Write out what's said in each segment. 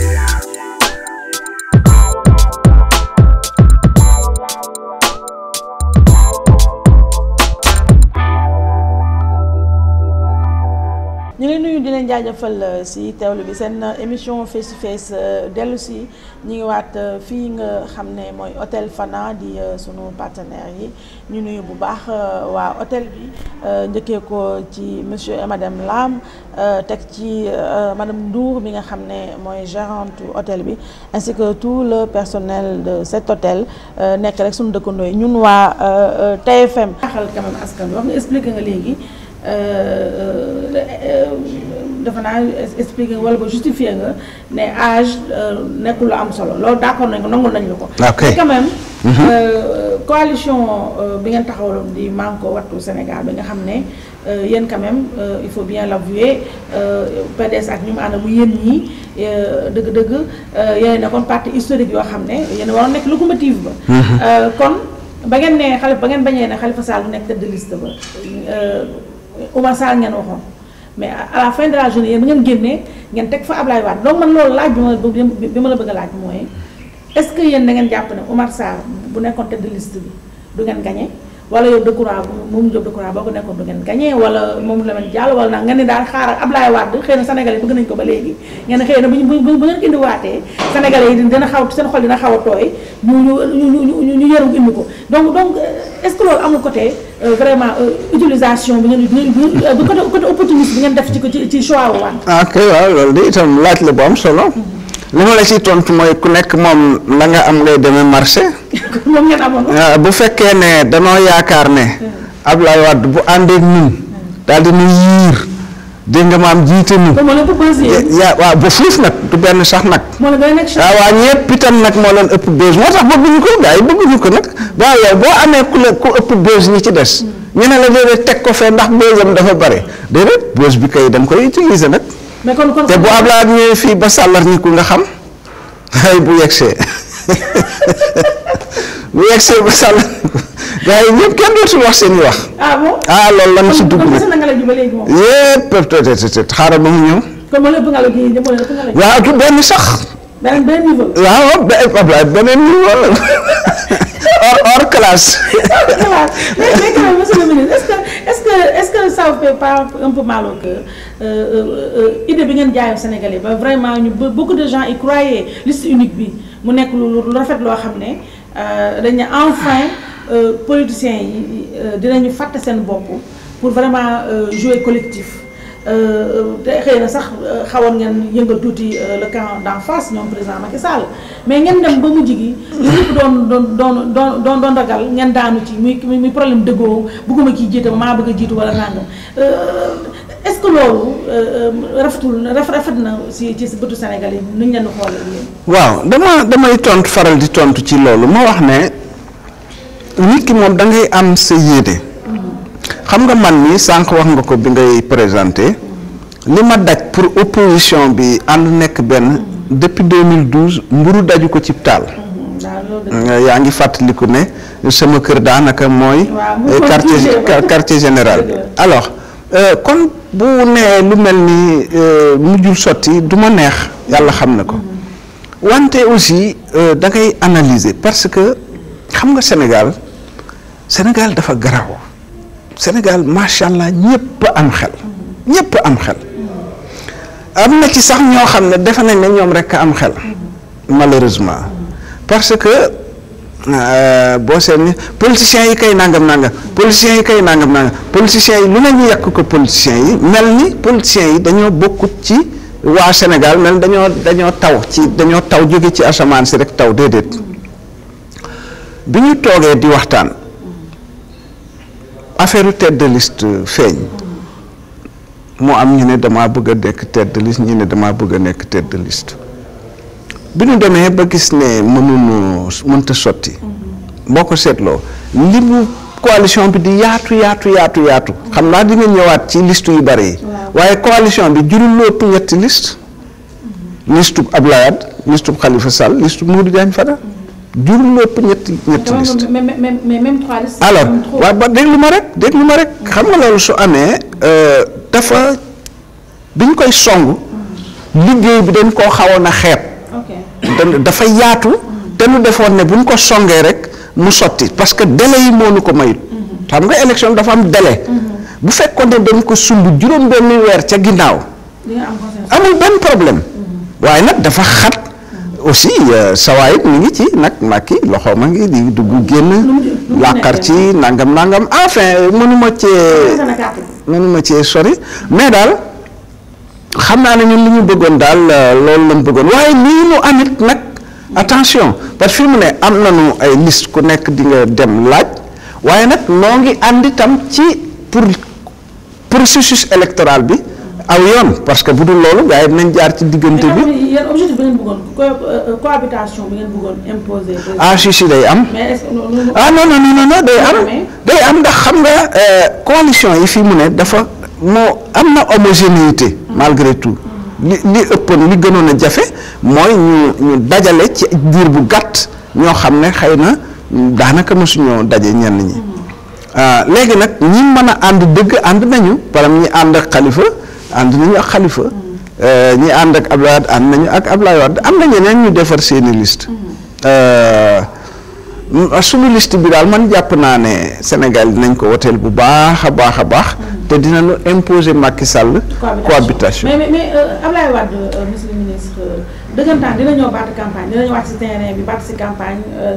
Yeah. leen jaajëfal euh, si teewlu bi seen euh, émission face to face euh, dellu si ñu ngi waat fii nga xam ne mooy hôtel Fana di sunu partenaire yi ñu nuyu bu baax waa hôtel bi njëkkee ko ci monsieur et madame Lam teg ci madame Ndour mi nga xam ne mooy gérante hôtel bi ainsi que tout le personnel de cet hôtel nekk rek sunu dëkkandoo yi ñun waa TFM. xel quand même askan wax nga expliqué nga léegi. defe naa expliqué wala ba justifié nga ne âge euh, nekkul lu am solo loolu d'accord nañ ko nangul nañ la ko. ok quand même. Mhm. Euh, coalition euh, bi ngeen taxawaloon di Manko watu Sénégal bi nga xam ne yéen quand même il faut bien l'avouer PDS ak ñu mu ànd mu yéen ñii dëgg-dëgg yéen a nekkoon parti historique yoo xam ne yéen waroon nekk locomotive ba. Mhm. kon ba ngeen ne xalifa ba ngeen bañee ne xalifa Khalifa lu nekk tête de liste ba Oumar Sall ngeen waxoon. mais à la fin de la journée yéen ngeen génnee ngeen teg fa Ablaye Wade donc man loolu laaj bi ma la bëgg bi ma la bëgg a laaj mooy est que yéen da ngeen jàpp ne Omar Sarr bu nekkoon tête de liste bi du ngeen gagné. wala yow Decroix moom Diop Decroix boo ko nekkoon du ngeen gagné wala moom la man jàll wala nag nga ne daal xaaral Ablaye Wade xëy na sénégalais bëgg nañ ko ba léegi ngeen ne xëy na bu bu bu ngeen indiwaatee sénégalais xaw seen xol dina xaw a tooy ñu ñu ñu ñu yëru indi ko donc donc euh, est-ce que loolu amul euh, vraiment euh, utilisation bi ngeen bi côté côté opportuniste bi ngeen def ci ci ci choix wu ah laaj la bu solo. Mm-hmm. li ma la tontu mooy ku nekk moom la nga am ngay demee marché. ñoom ngeen amoon ah, bu fekkee ne danoo yaakaar ne Ablaye Wade bu àndeek ñun daal dina yiir dégg nga maam jiite ñu. yaa waaw ba fuuf nag du benn sax nag. moo ah, waaw waaw ñëpp itam nag moo leen ëpp bés moo tax bëgguñu ko gars yi bëgguñu ko nag waaw yow boo amee ku la ku ëpp bés ñi ci des. ñu ne la déedéet teg ko fee ndax bésam dafa bare déedéet bés bi kay dem koy utiliser nag. mais kon kon te bu Ablaye fii ba sàllar ñi ku nga xam ay bu yegsee. bu yegsee ba sàll gars yi ñëpp kenn dootul wax seen i wax. ah bon ah loolu lan si dugg nag yëpp peut-être xaaral ba mu ñëw. kon ma waaw du benn sax. benn benn niveau. waaw beneen niveau la hors hors classe. hors classe mais mais quand même monsieur le ministre est-ce que est-ce que est-ce que ça vous fait pas un peu mal au cœur euh, euh, euh, idée bi ngeen jaayoon Sénégalais ba vraiment ñu beaucoup de gens y croyaient liste unique bi mu nekk lu rafet loo xam ne. Euh, dañ ne enfin euh, politiciens yi euh, dinañu fàtte seen bopp pour vraiment jouer collectif te xëy na sax xawoon ngeen yëngal tuuti le camp d'en face ñoom président Macky Sall mais ngeen dem ba mu jigi lu ñëpp doon doon doon doon doon doon ragal ngeen daanu ci muy muy problème dëggoo bëgguma kii jiite maa bëgg a jiitu wala nangam waaw dama damay tontu faral di tontu ci loolu ma wax ne nit ki moom da ngay am sa yéene. xam nga man ni sànq wax nga ko bi ngay présenté. li ma daj pour opposition bi ànd nekk benn. depuis 2012 mburu daju ko ci taal. Mm-hmm. yaa ngi fàttaliku ne sama kër daanaka mooy. quartier quartier général bi alors. Euh, kon bu nee lu mel ni euh, mujjul sotti du ma neex yàlla xam na ko wante aussi euh, da ngay analyser parce que xam nga Sénégal Sénégal dafa garaaw Sénégal macha allah ñëpp am xel ñëpp am xel am na ci sax ñoo xam ne defe nañ ne ñoom rek am xel malheureusement parce que. Euh, boo seetlu politiciens yi kay nangam nangam politiciens yi kay nangam nangam politiciens yi lu ne ñu yàq ko politiciens yi mel ni politiciens yi dañoo bokkut ci waa Sénégal mel ni dañoo dañoo taw ci dañoo taw jóge ci asamaan si rek taw déedéet bi ñu toogee di waxtaan affaire tête de feeñ moo am ñu ne damaa bëgg a nekk tête de ñu ne damaa bëgg a nekk tête de bi ñu demee ba gis ne mënuñu mënta sotti mhm. boo ko seetloo li mu coalition bi di yaatu yaatu yaatu yaatu xam naa di nga ñëwaat ci liste yu bari yi waaye coalition bi juróom-ñett ñetti liste mhm. listub Abdoulaye Wade listub Khalifa Sall listub Modou Diagne Fada mhm. juróom-ñett ñetti ñetti liste alors waaw ba déglu ma rek déglu ma rek xam nga loolu su amee euh, dafa biñ koy song liggéey bi dañ koo xawoon a xeet dafa yaatu te nu defoon ne bu ñu ko songee rek mu sotti parce que délai yi moo nu ko mayut xam nga élection dafa am dele bu fekkoon ne dañ ko sumb juróom benni weer ca ginnaaw amul benn problème waaye nag dafa xat aussi euh, sawaay mu ngi ci nag Macky loxo ma ngi di dugg génn làqar ci nangam nangam enfin euh, mënuma cee mënuma cee sori mais daal xam naa ne ñun li ñu bëggoon daal euh, loolu lañ bëggoon waaye lii mu amit nag attention parce que fi mu ne am nañu ay liste ku nekk di nga dem laaj waaye nag noo ngi ànd itam ci pour processus bi aw yoon parce que bu dul loolu gars jaar ci diggante bi. yéen objectif bi euh, ah, si day am. mais est-ce que ah, day am. day am ndax xam nga euh, coalition yi fi mu ne dafa. moo am na homogénéité malgré tout li li ëppoon li gënoon a jafe mooy ñu ñu dajale ci diir bu gàtt ñoo xam ne xëy na daanaka mësuñoo daje ñenn ñi ah, léegi nag ñi mën a ànd dëgg ànd nañu par exemple ñi ànd ak xalifa ànd nañu ak xalifa euh, ñi ànd ak Abdoulaye Wade ànd nañu ak Abdoulaye Wade am na ñeneen ñu defar seeni liste euh, suñu liste bi daal man jàpp naa ne Sénégal dinañ ko woteel bu baax a baax a baax. te dinañu imposer Macky Sall. cohabitation mais mais mais euh, Ablaye Wade euh,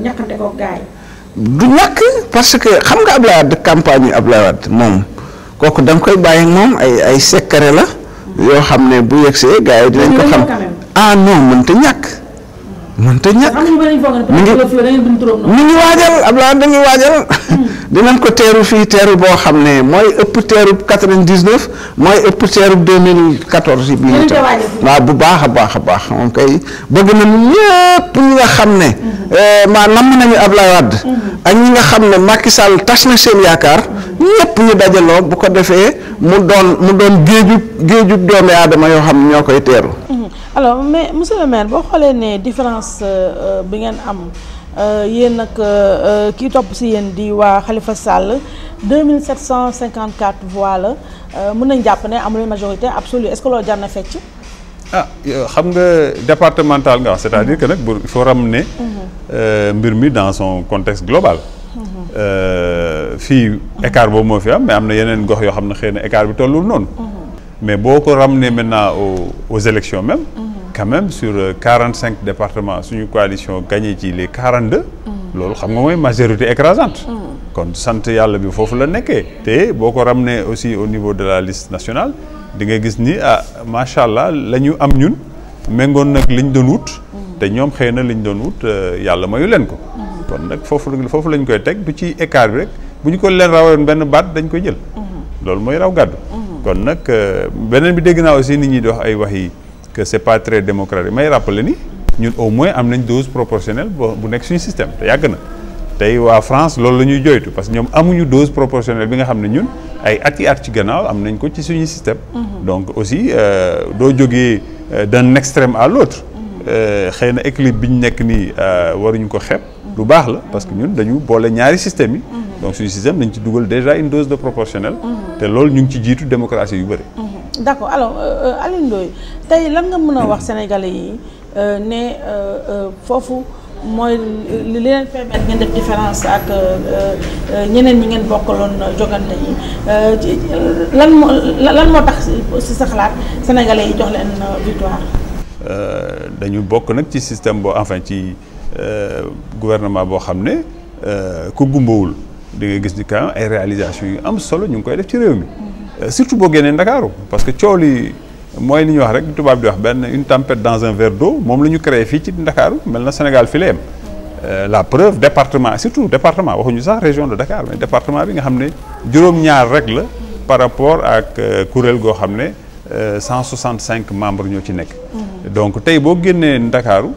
euh, du ñàkk parce que xam nga Ablaye Wade campagne yu Ablaye Wade moom kooku da koy bàyyi moom ay ay secret la. yoo xam ne bu yegsee gars yi dinañ ko xam. ah mënta ñàkk. mënta ñàkk mi ngi mi ngi waajal Abdoulaye da ngi waajal hmm. dinañ ko teeru fii teeru boo xam ne mooy ëpp teeru 99 mooy ëpp teeru 2014 bi ñu waaw bu baax a baax a baax moom kay bëgg na ñëpp ñi nga xam ne hmm. eh, maa namm nañu Abdoulaye Wade hmm. ak ñi nga xam ne Macky Sall tas na seen yaakaar ñëpp ñu dajaloo bu ko defee mu doon mu doon géejub géejub doomi aadama yoo xam ne ñoo koy teeru alors mais monsieur boo xoolee ne différence Euh, euh, bi ngeen am euh, yéen nag kii topp si yéen di waa Khalifa Sall 2754 voix la mën nañ jàpp ne amul majorité absolue est-ce que loolu jar na fecc ah xam nga départemental nga wax c'est-à-dire que nag bu il faut ramener mhm. mbir mi dans son contexte global mhm. fii écart boobu moo fi am mais am na yeneen gox yoo xam ne xëy na écart bi tollu noonu mhm. mais boo ko ramener maintenant aux aux élections même quand même sur euh, quarante cinq département suñu coalition gagné ci le quarante deux mm. loolu xam nga mooy majorité écrasante mm. kon sant yàlla bi foofu la nekkee te boo ko ramené aussi au niveau de la liste nationale di nga gis ni ah macha allah la ñu am ñun méngoon nag liñ doon wut mm. te ñoom xëy na liñ doon wut euh, yàlla ma mayu leen ko kon nag foofu foofu lañ koy teg du ci écart bi rek bu ñu ko leen rawoon benn baat dañ koy jël loolu mooy raw gàddu kon nag euh, beneen bi dégg naa aussi nit ñi di wax ay wax yi que c'est pas très démocratique may rappelé ni ñun au moins am nañ dose proportionnelle bu nekk suñu système te yàgg na tey waa France lool la ñuy joytu parce que ñoom amuñu dose proportionnelle bi nga xam ne ñun ay at yi at ci gannaaw am nañ ko ci suñu système mhm. donc aussi euh, doo jógee euh, d'un extrême à l'autre mhm. euh, xëy na équilibre bi ñu nekk nii waruñu ko xeeb lu baax la parce que ñun mhm. dañu boole ñaari système yi donc suñu système dañ ci dugal déjà une dose de proportionnelle te loolu ñu ngi ci jiitu démocratie yu bëri d' accord alors euh, euh, Alioune lan nga mën a wax sénégalais yi euh, ne foofu mooy li leen permettre ak ñeneen ñi ngeen bokkaloon jogante yi lan moo tax si sa xalaat sénégalais yi jox leen victoire. dañu bokk nag ci système boo enfin ci gouvernement boo xam ne ku gumbawul di nga gis ni quand ay réalisation yu am solo ñu ngi koy def ci réew mi. Euh, surtout boo génnee Ndakaaru parce que coow li mooy li ñuy wax rek tubaab di wax benn une tempête dans un verre moom lañu ñu fii ci Ndakaaru mel na Sénégal fi la yem euh, la preuve département surtout département waxuñu sax région de Dakar mais département bi nga xam ne juróom-ñaar rek la par rapport ak euh, kuréel goo xam ne 165 membres ñoo ci nekk. Mm-hmm. donc tey boo génnee Ndakaaru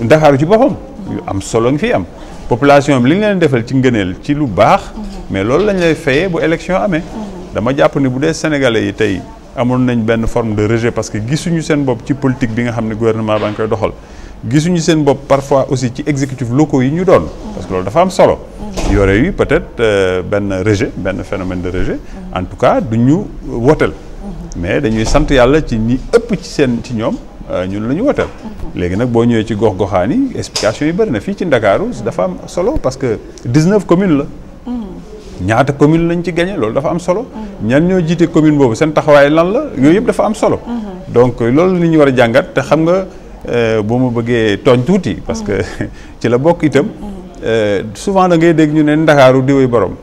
Ndakaaru ci boppam. yu am solo ñu fi am. population bi li ñu leen defal ci ngëneel ci lu baax. Mm-hmm. mais loolu lay fayee bu élection amee. Mm-hmm. dama jàpp ni bu dee sénégalais yi tey amoon nañ benn forme de rejet parce que gisuñu seen bopp ci politique bi nga xam ne gouvernement baa ngi koy doxal gisuñu seen bopp parfois aussi ci exécutif locaux yi ñu doon. parce que loolu dafa am solo. yore mhm. yi peut-être euh, benn rejet benn phénomène de rejet. Mhm. en tout cas du ñu woteel. Mhm. mais dañuy sant yàlla ci ni ëpp ci seen ci ñoom euh, ñun la ñu woteel. léegi nag boo ñëwee ci gox-goxaan yi explication yi bëri na fii ci Ndakaaru dafa am solo parce que 19 communes la. ñaata commune lañ ci gagné loolu dafa am solo. ñan ñoo jiite commune boobu seen taxawaay lan la yooyu yëpp dafa am solo. donc loolu la ñuy war a jàngat te xam nga euh, boo ma bëggee tooñ tuuti. parce que ci la bokk itam. Euh, souvent da ngay dégg ñu ne ndakaaru diwee borom.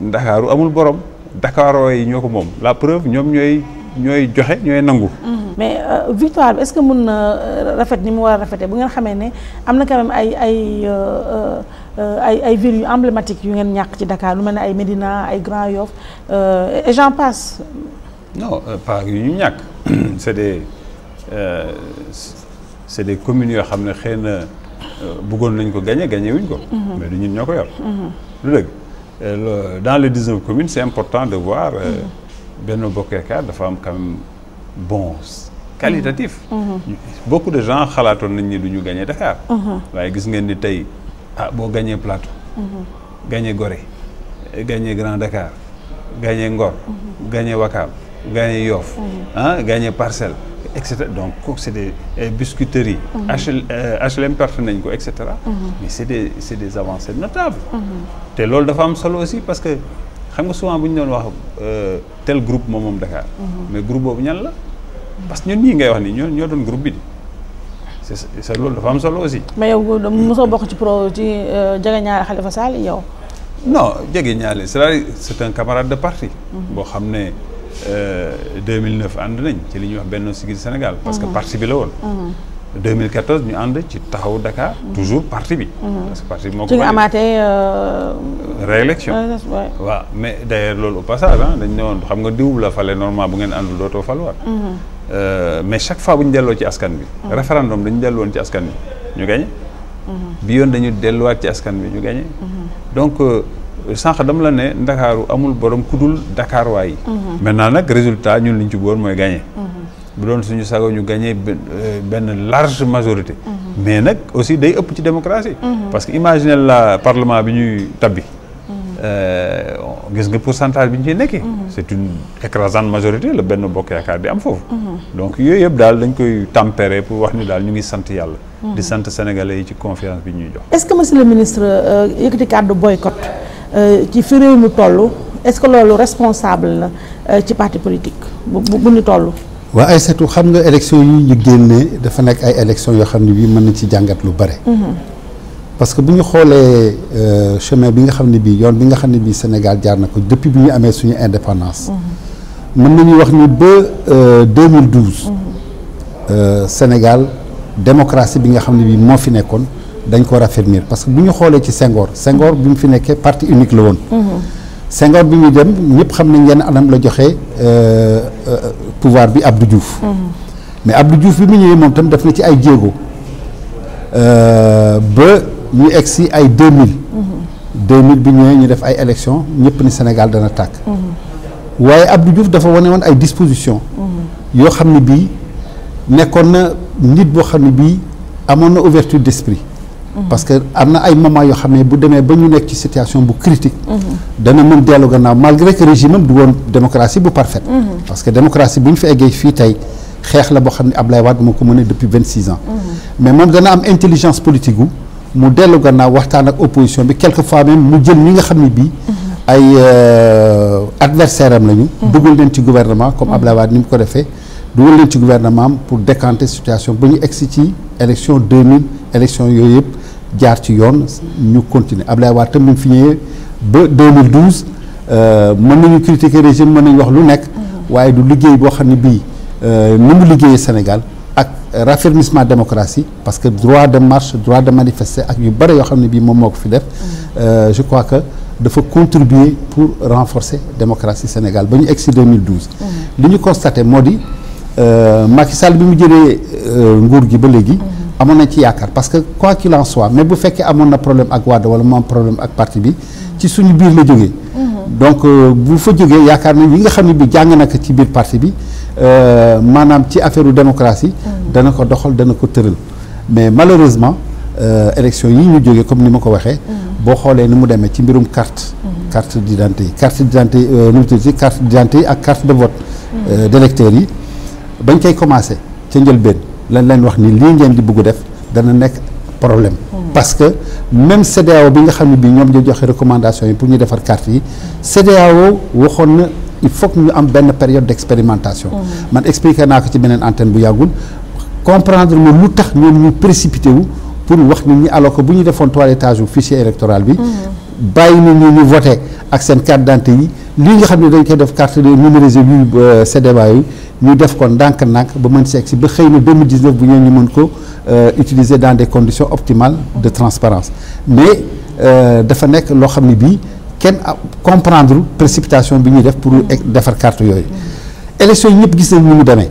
ndakaaru amul borom. ndakaaroo yi ñoo ko moom la preuve ñoom ñooy ñooy joxe ñooy nangu. mais euh, victoire bi est-ce que mën na rafet ni mu war a rafetee bu ngeen xamee ne am na quand ay ay. Euh, ay ay villes yu emblématiques yu ngeen ñàkk ci dakaar lu mel ne ay Médina ay Grand Yoff euh, et j'en passe. non euh, pas yu ñu ñàkk c'est des c'est des communes yoo xam ne xëy na bëggoon nañ ko gagner gagner wuñ ko. Mhm. mais du ñun ñoo ko yor. Mhm. lu dëgg dans le dix-neuf communes c'est important de voir. Mhm. benn Bokk Yaakaar dafa am quand bon qualitatif. beaucoup de gens xalaatoon nañ ni du ñu gagner Dakar. waaye gis ngeen ni tey. ah boo gañee Plateau. Mm-hmm. gañee Gorée gañee Grand Dakar gañee Ngor. Mm-hmm. gañee Wakaam gañee Yoff. Mm-hmm. ah gañee Parcelles et cetera donc kooku c' est des euh, biscuiteries. HLM euh, perte nañ ko et cetera. mais c' est des c' est des avancées notables. te loolu dafa am solo si parce que xam nga souvent bu ñu doon wax euh, tel groupe moom moom Dakar. mais groupe boobu ñan la. parce que ñun ñii ngay wax ni ñoo ñoo doon groupe bi di. c'est loolu dafa am solo aussi. mais yow mosoo bokk ci pro ci euh, jege ñaari Khalifa Sall yow. non jege ñaari cest camarade de parti. boo xam ne 2009 euh, ànd nañ ci li ñuy wax Benno Siggil Sénégal. parce que mhm. parti bi la woon. 2014 mhm. ñu ànd ci taxaw Dakar. Mhm. toujours parti bi. parce moo ko. ci nga amaatee. Euh, réélection waaw mais d'ailleurs loolu au passage ah dañ ne woon xam nga diw la fale normalement bu ngeen àndul dootoo faluwaat. Euh, mais chaque fois bu ñu delloo ci askan bi mm-hmm. référendum dañu delloon ci askan bi ñu gañe mm-hmm. bi yoon dañu delluwaat ci askan bi ñu gañe mm-hmm. donc euh, sànq dama la ne ndakaaru amul borom ku dul Dakar waay maintenant nag résultat ñun liñ ci boon mooy gañe bu doon suñu sago ñu gañe euh, benn large majorité mais nag aussi day ëpp ci démocratie parce que imagine la parlement bi ñuy tabbi Euh, gis nga pour pourcentage bi ñu ci nekkee. Mhm. c'est une écrasante majorité la benn bokk yaakaar bi am foofu. Mhm. donc yooyu yëpp daal dañ koy tempérer pour wax ni daal ñu ngi sant yàlla. Mhm. di sant sénégalais yi ci confiance bi ñuy jox. est-ce que monsieur le ministre euh, yëkkati kàddu boycott euh, ci fi réew mi toll est-ce que loolu responsable na ci parti politique bu bu ñu toll. waa ay setu xam nga élection yi ñu génnee dafa nekk ay élection yoo xam ne bii mën na ci jàngat lu bare. parce que bu ñu xoolee euh, chemin bi nga xam ne bii yoon bi nga xam ne bii Sénégal jaar na ko depuis bi ñu amee suñu indépendance. Mhm. mën nañu wax ni ba 2012. Euh, mhm. euh, Sénégal démocratie bi nga xam ne bii moo fi nekkoon dañ ko raffermir parce que bu ñu xoolee ci sengoor sengoor bi mu fi nekkee parti unique la woon. Mhm. Senghor bi ñuy dem ñëpp xam nañ yenn anam la joxe pouvoir bi Abdou Diouf. mais Abdou Diouf bi mu ñëwee moom tam def na ci ay jéego ba. ñu egg si ay mille 2000. mille bi ñëwee ñu def ay élections ñëpp ni Sénégal dana tàkk. waaye Abdou Diouf dafa wane woon ay dispositions. yoo xam ne bii nekkoon na nit boo xam ne bii amoon na ouverture d'esprit. parce que am na ay moments yoo xam ne bu demee ba ñu nekk ci situation bu critique dana mën dellu gannaaw malgré que régime am du woon démocratie bu parfaite parce que démocratie bu ñu fi eggee fii tey xeex la boo xam ne Ablaye Wade moo ko mën a depuis vingt six ans mais moom dana am intelligence politique gu mu dellu gannaaw waxtaan ak opposition bi quelquefois même mu jël ñi nga xam ne bii. ay euh, adversaire am lañu. dugal leen ci guvernement comme Abdoulaye Wade ni mu ko defee. dugal leen ci gouvernement am pour décanter situation ba ñu egsi ci élection 2000 élection yooyu yëpp jaar ci yoon ñu continuer Abdoulaye Wade tam mu fi ñëwee ba 2012 euh, mën nañu critiquer régime mën nañu wax lu nekk. waaye du liggéey boo xam ne bii euh, ni mu liggéeyee Sénégal. ak raffermissement démocratie parce que droit de marche droit de manifester ak yu bëri yoo xam ne bii moom moo ko fi def mm-hmm. euh, je crois que dafa contribuer pour renforcer démocratie Sénégal ba ñu egsi 2012 mm-hmm. li ñu constaté moo di euh, Macky Sall bi mu jëlee euh, nguur gi ba léegi mm-hmm. amoon nañ ci yaakaar parce que quoi qu'il mais bu fekkee amoon na problème ak Wade wala moom problème ak parti bi ci suñu biir la jógee donc bu fa jógee yaakaar nañ yi nga xam ne bi jàng na ko ci biir parti bi Euh, maanaam ci affaire u démocratie mm. dana ko doxal dana ko tëral mais malheureusement euh, élection yi ñu jógee comme ni ma ko waxee mm. boo xoolee ni mu demee ci mbirum carte mm. carte d'identité yi carte d'identité yi euh, nu mu yi ak carte de vote d'électeurs yi bañ koy commencé ca njëlbeen lañ leen wax ni lii ngeen di bëgg def dana nekk problème parce que même CEDEAO bi nga xam ne bii ñoom ñoo joxe recommandation yi pour ñu defar carte yi CEDEAO waxoon na il faut que ñu am benn période dexpérimentation mmh. man expliqué naa ko ci beneen antenne bu yàggul comprendre ma lu tax ñoom ñu précipité wu pour wax nit ñi alors que bu ñu defoon toilettage u fichier électoral bi. Mmh. bàyyi nit ñi ñu voté ak seen carte d'identité yi lii nga xam ne dañ koy def carte de numérisée yu euh, CDBA yi ñu def ko ndànk-ndànk ba mën seek si ba xëy na 2019 bu ñëwee ñu mën ko euh, utiliser dans des conditions optimales de transparence mais euh, dafa nekk loo xam ne bii. kenn comprendre précipitation bi ñuy def pour e defar carte yooyu élection yi ñëpp gis nañ ni mu demee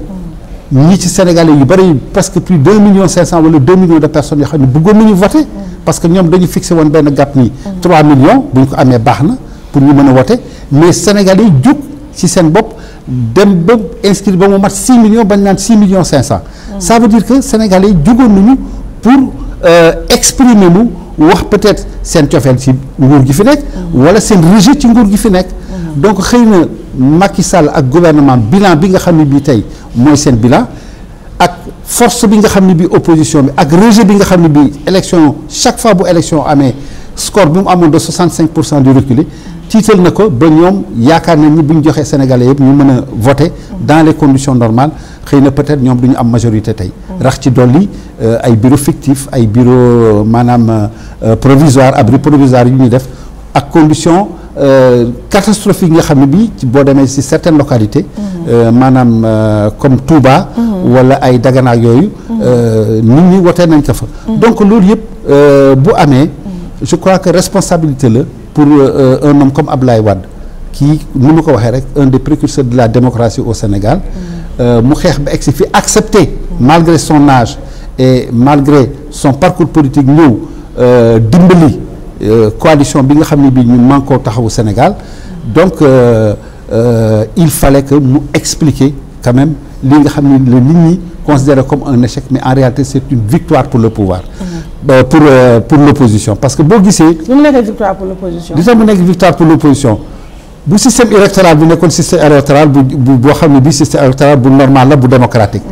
ñi ci sénégalais yu bëri presque plus deux millions cinq cent wala deux millions de personnes yoo xam ne bëggoon nañu voter parce que ñoom dañu fixé woon benn gàpp nii trois millions bu ñu ko amee baax na pour ñu mën a voter mais sénégalais yi jóg ci seen bopp dem ba inscrit ba mu mat six millions bañ naan six millions cinq cent ça veut dire que sénégalais yi jógoon nañu pour euh, exprimer mu wax peut-être seen cofeel ci nguur gi fi nekk wala seen rejet ci nguur gi fi nekk donc xëy na Macky Sall ak gouvernement bilan bi nga xam ne bii tey mooy seen bilan ak force bi nga xam ne bii opposition bi ak rejet bi nga xam ne bi élection chaque fois bu élection amee score bi mu amoon de 65 pour cent du reculé tiital na ko ba ñoom yaakaar nañ ni bu ñu joxee sénégalais yëpp ñu mën a voter dans les conditions normales xëy na peut-être ñoom du ñu am majorité tey. rax ci dolli euh, ay bureau fictif ay bureau euh, maanaam euh, provisoire abri provisoire yu ñu def ak condition catastrophique yi nga xam ne bii boo demee ci certaines localités. Mhm. maanaam comme Touba. Mhm. wala ay Dagana yooyu. Mhm. nit ñi wotee nañ ko fa. donc loolu yëpp bu amee. je crois que responsabilité la pour euh, euh un homme comme Ablaye Wade kii nu ma ko waxee rek un des précurseurs de la démocratie au Sénégal euh, mu xeex ba egsi fi accepté malgré son âge et malgré son parcours politique ñëw euh, dimbali coalition bi nga xam ne bii ñu manko taxawu Sénégal donc euh, euh, il fallait que mu expliquer quand li nga xam ne la nit ñi considéré comme un échec mais en réalité c'est une victoire pour le pouvoir mm-hmm. euh, euh, parce que boo gisee lu mu nekk victoire pour l'opposition li bu système électoral bi nekkoon système électoral bu boo xam ne bii système électoral bu normal la bu démocratique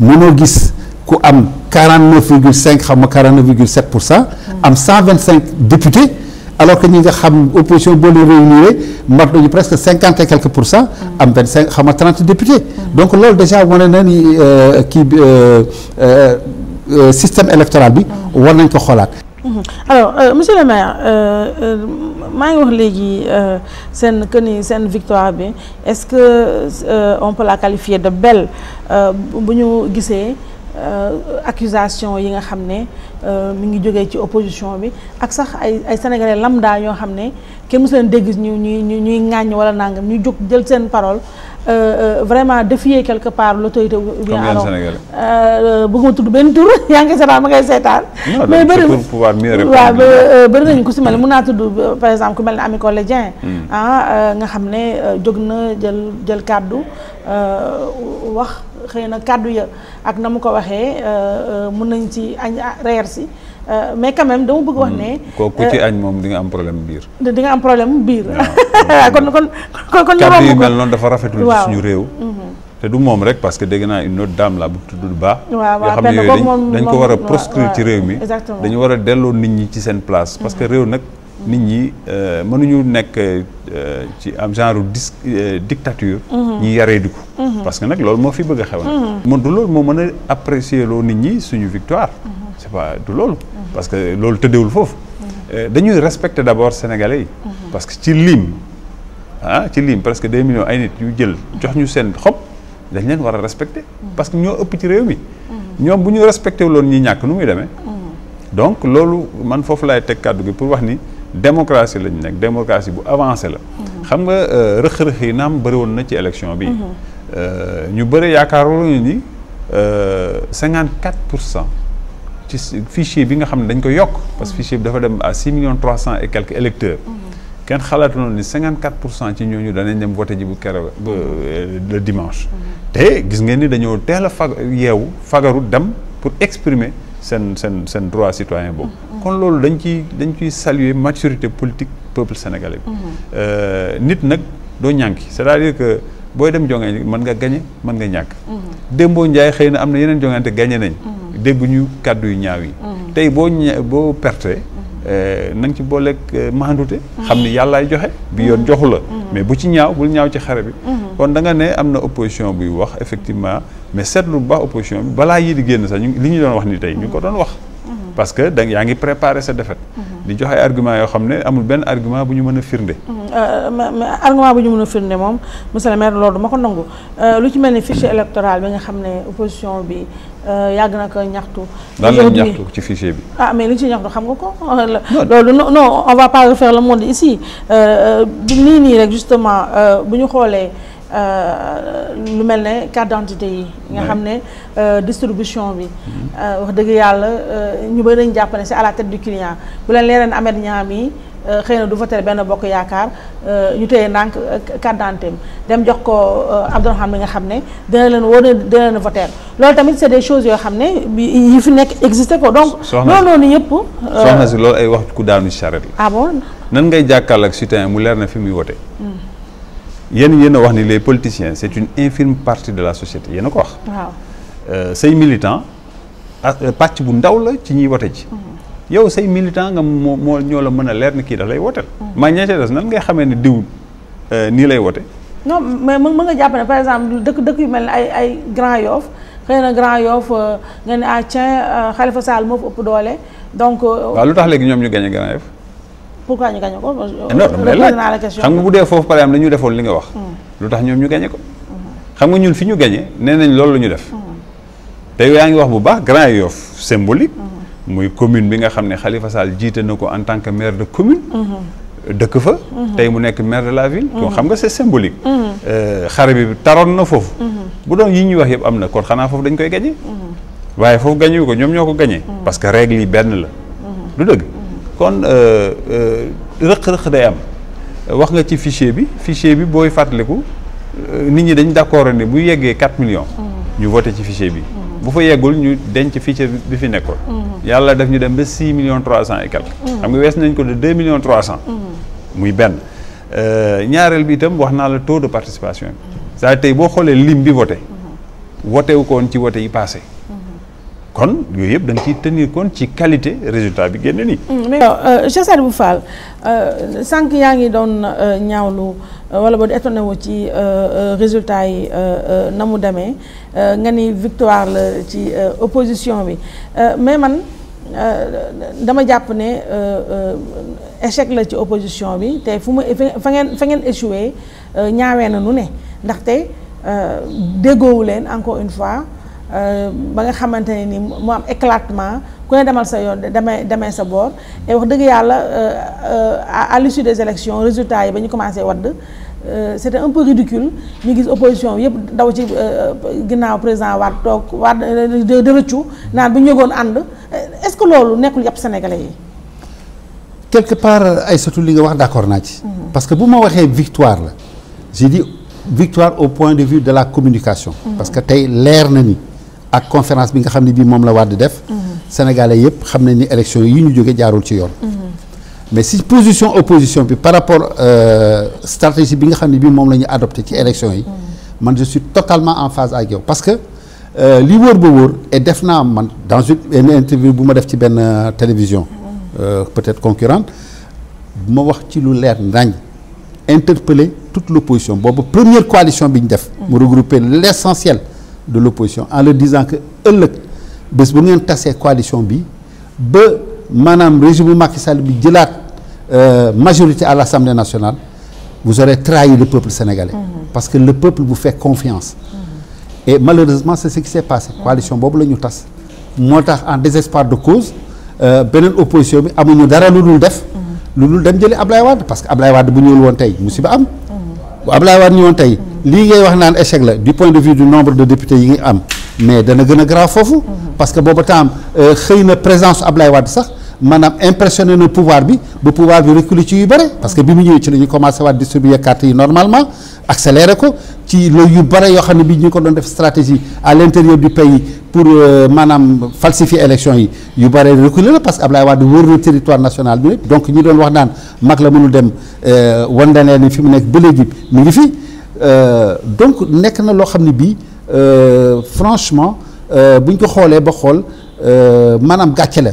mm-hmm. mënoo gis ku am 49 virgule 5 xam ma 49 virgule 7 pour cent mm-hmm. am 125 députés alors que ñi nga xam opposition boo leen réunir mat nañu presque cinquante et pour cent. am vingt cinq xam nga trente députés. donc loolu déjà wane na ni euh, kii euh, euh, système électoral bi. war nañ ko xoolaat. Mhm. alors euh, monsieur le maire maa ngi wax léegi seen que seen victoire bi est-ce que euh, on qualifier de belle bu ñu gisee. Euh, accusation yi nga xam ne euh, mu ngi jógee ci opposition bi ak sax ay ay sénégalais lambda ñoo xam ne kenn mësu leen dégg ñu ñuy ñuy ŋàññ wala nangam ñu jóg jël seen parole euh, vraiment défier quelque part l'autorité ou bien alors bëgguma tudd benn tur yaa ngi seetaan ma ngay seetaan mais bëri waaw bëri nañu ku si mel mun naa tudd par exemple ku mel ne Ami Collé Dieng hmm. ah nga xam ne jóg na jël jël kàddu wax xëy na kàddu ya ak na mu ko waxee euh, euh, mun nañ ci añ ah, reer si euh, mais quand même dama bëgg wax hmm. ne. kooku ci añ moom di nga am problème biir. di nga am problème biir. kon kon kon kon. kàddu yu mel noonu dafa rafetul ci suñu réew. Mhm. te du moom rek parce que dégg naa une autre dame la bu tudd Ba. waaw waaw benn dañ ko war a proscrire ci réew mi. dañu war a delloo nit ñi ci seen place. parce que mhm. réew nag. nit ñi euh, mënuñu nekk euh, ci am genre dis euh, dictature mhm. ñi yaree di ko mhm. parce que nag loolu moo fi bëgg a xew nag man mhm. du loolu moo mën a apprécier loo nit ñi suñu victoire c'est pas du loolu parce que loolu tëddewul foofu dañuy respecter d'abord sénégalais yi parce que ci lim ah ci lim presque deux millions ay nit yu jël jox ñu seen xob dañ leen war a respecter parce que ñoo ëpp ci réew mi ñoom bu ñu respecté loon ñi ñàkk nu muy demee donc loolu man foofu lay teg kàddu gi pour wax ni démocratie lañ nekk démocratie bu avancé la. Mhm. xam nga euh, rëq-rëq yi naam bëri woon na ci élection bi. Mhm. Euh, ñu bëri yaakaaroon ni euh, cinquante quatre pour cent ci fichier bi nga xam ne dañ ko yokk. parce que mhm. fichier bi dafa dem à six millions trois cent et quelques électeurs. kenn xalaatu noonu ni cinquante pour cent ci ñooñu danañ dem voté ji bu keroog ba le dimanche. te gis ngeen ni dañoo teel a fag yeewu fagaru dem pour exprimer seen seen seen droit citoyen boobu. kon loolu dañ ciy dañ ciy saluer maturité politique peuple sénégalais bi. Mhm. Euh, nit nag doo ñànki c'est-à-dire que booy dem jongante mën nga gañe mën nga ñàkk. Mhm. démboo Ndiaye xëy na am na yeneen jongante gañe nañ. Mhm. ñu kàddu yu ñaaw yi. tey boo ña boo perte. Euh, na nga ci booleeg euh, maandute. xam ni yàllaay joxe. bi yoon joxu la. mais bu ci ñaaw bul ñaaw ci xare bi. kon da nga ne am na opposition buy wax effectivement mais seetlu bu baax opposition bi balaa yii di génn sax ñu li ñu doon wax ni tey ñu ko doon wax. parce que da yaa ngi préparé sa défaite. Mhm. di joxe argument yoo xam ne amul benn argument bu ñu mën a firnde. Mhm. Euh, argument bu ñu mën a firnde moom monsieur le maire loolu ko nangu euh, lu ci mel ni fichier électoral bi nga xam ne opposition bi euh, yàgg na ko ñaxtu. lan lañ ñaxtu ci fichier bi. ah mais li ci ñaxtu xam nga ko. loolu non non on va pas refaire le monde ici nii nii rek justement bu ñu xoolee. Euh, lu mel ne carte yi nga xam ne euh, distribution bi mm-hmm. euh, wax dëgg yàlla ñu bëri nañ jàpp ne c'est à la tête du client bu leen leereen amet ñaam yi xëy na du voter benn bokk yaakaar ñu téye ndànk carte d'identité dem jox ko Abdourahmane bi nga xam ne dina leen wóor ne dina leen voter loolu tamit c'est des choses yoo xam ne yi fi nekk existé ko donc loolu noonu yëpp soxna si loolu ay wax ku daanu charrette la ah nan ngay jàkkaarloo ak citoyen fi muy yéen yéen a wax ni les politiciens c' une infime partie de la société yéen a ko wax. waaw euh, say militants ah, euh, pàcc bu ndaw la ci ñuy wote ci. Mm-hmm. yow say militant nga moo moo ñoo la mën a leer ni kii da lay woteel. Mm-hmm. maa ña ca des nan ngay xamee ni diw euh, nii lay wote. non mais mën nga jàpp ne par exemple dëkk dëkk yu mel ni ay ay Grand Yoff xëy na Grand Yoff nga ne ah tiens Khalifa Sall moo fa ëpp doole donc. waaw lu tax léegi ñoom ñu gagné Grand Yoff pourquoi ñu gagné ko. Eh la question xam bu dee foofu par exemple dañu defoon li nga wax. Mm. lu tax ñoom ñu gagné ko. Mm-hmm. xam nga ñun fi ñu gagné nee nañ loolu la ñu def. Mm-hmm. te yaa ngi wax bu baax Grand Yoff symbolique. Mm-hmm. muy commune bi nga xam ne xalifa Sall jiite na ko en tant que maire de commune. dëkk fa. tey mu nekk maire de la ville. kon xam nga c'est symbolique. Euh, xare bi taroon na foofu. bu doon yi ñuy wax yëpp am na kon xanaa foofu dañ koy gagné. waaye foofu gagné ko ñoom ñoo ko gañe parce que règle yi benn la. du kon euh, euh, rëq-rëq day am wax nga ci fichier bi fichier bi booy fàttaliku euh, nit ñi dañ d'accord ne bu yeggee 4 million mm. ñu voté ci fichier bi. Mm. bu fa yeggul ñu denc fichier bi fi nekkoon. Mm. yàlla def ñu dem ba 6 millions 300 et quelque. xam nga wees nañ ko de 2 millions 300. muy benn ñaareel bi itam wax naa la taux de participation bi. cest tey boo xoolee lim bi voté. Mm-hmm. voté koon ci voté yi passé. kon yooyu yëpp da nga ciy tenir kon ci qualité résultat bi génn nii. Mm, mais euh, euh, Cheikh Sadibou Fall euh, sànq yaa ngi doon ñaawlu wala ba di étonné wu ci résultat yi na mu demee nga ni victoire la ci opposition bi mais man dama jàpp ne échec la ci opposition bi te fu ma fa ngeen fa ngeen échoué ñaawee na nu ne ndaxte déggoowu leen encore une fois. Euh, ba nga xamante ne ni mu am éclatement ku ne demal sa yoon demee demee sa boor et wax dëgg yàlla euh, euh, à l'issue des élections résultats yi ba ñu commencé wadd c'était un peu ridicule ñu gis opposition yëpp daw ci ginnaaw président Wade toog Wade de rëccu naan bu ñu yëgoon ànd est-ce que loolu nekkul yàpp sénégalais yi quelque part ay surtout li nga wax d'accord naa ci mm-hmm. parce que bu ma waxee victoire la j'ai dit victoire au point de vue de la communication mm-hmm. parce que tey leer na ni ak conférence bi nga xam ne bii moom la war di def. sénégalais yëpp xam na ni élection yi ñu jóge jaarul ci yoon. mais si position opposition bi par rapport euh, stratégie bi nga xam ne bii moom la ñu adopté ci élection yi. man je suis totalement en phase ak yow parce que euh, li wóor ba wóor et def naa man dans une interview bu ma def ci benn euh, télévision. Euh, peut-être concurrente ma wax ci lu leer nañ interpeller toute l'opposition boobu première coalition bi ñu def. mu regrouper l'essentiel de l'opposition en leur disant que ëllëg bés bu ngeen tasee coalition bi ba maanaam régime Macky Sall bi jëlaat euh, majorité à l'Assemblée nationale vous aurez trahi le peuple sénégalais. Mmh. parce que le peuple bu fait confiance. Mmh. et malheureusement c'est ce qui s'est passé. Mmh. coalition boobu la ñu tas. moo tax en désespoir de cause euh, beneen opposition bi amuñu dara lu dul def. lu dul dem jëli Ablaye Wade parce que Ablaye Wade bu ñëwul woon tey musiba am. bu Abdoulaye Wade ñëwoon tey lii ngay wax naan échec la du point de vue du nombre de députés yi ngi am mais dana gën a grave foofu parce que booba temps euh, xëy na présence Abdoulaye waat sax maanaam impressionné na pouvoir bi ba pouvoir bi reculer ci yu bare parce que bi mu ñëwee ci la ñu commencé waat distribuer carte yi normalement accéléré ko ci loolu yu bare yoo xam ne bi ñu ko doon def stratégie à l'intérieur du pays pour euh, maanaam falsifier élection yi yu bare reculer la parce que Ablaye Wade wër na territoire national bi donc ñu doon wax naan mag la mënul dem euh, wan danee ni fi mu nekk ba léegi mu ngi fi euh, donc nekk na loo xam ne bii franchement bu ñu ko xoolee ba xool maanaam gàcce la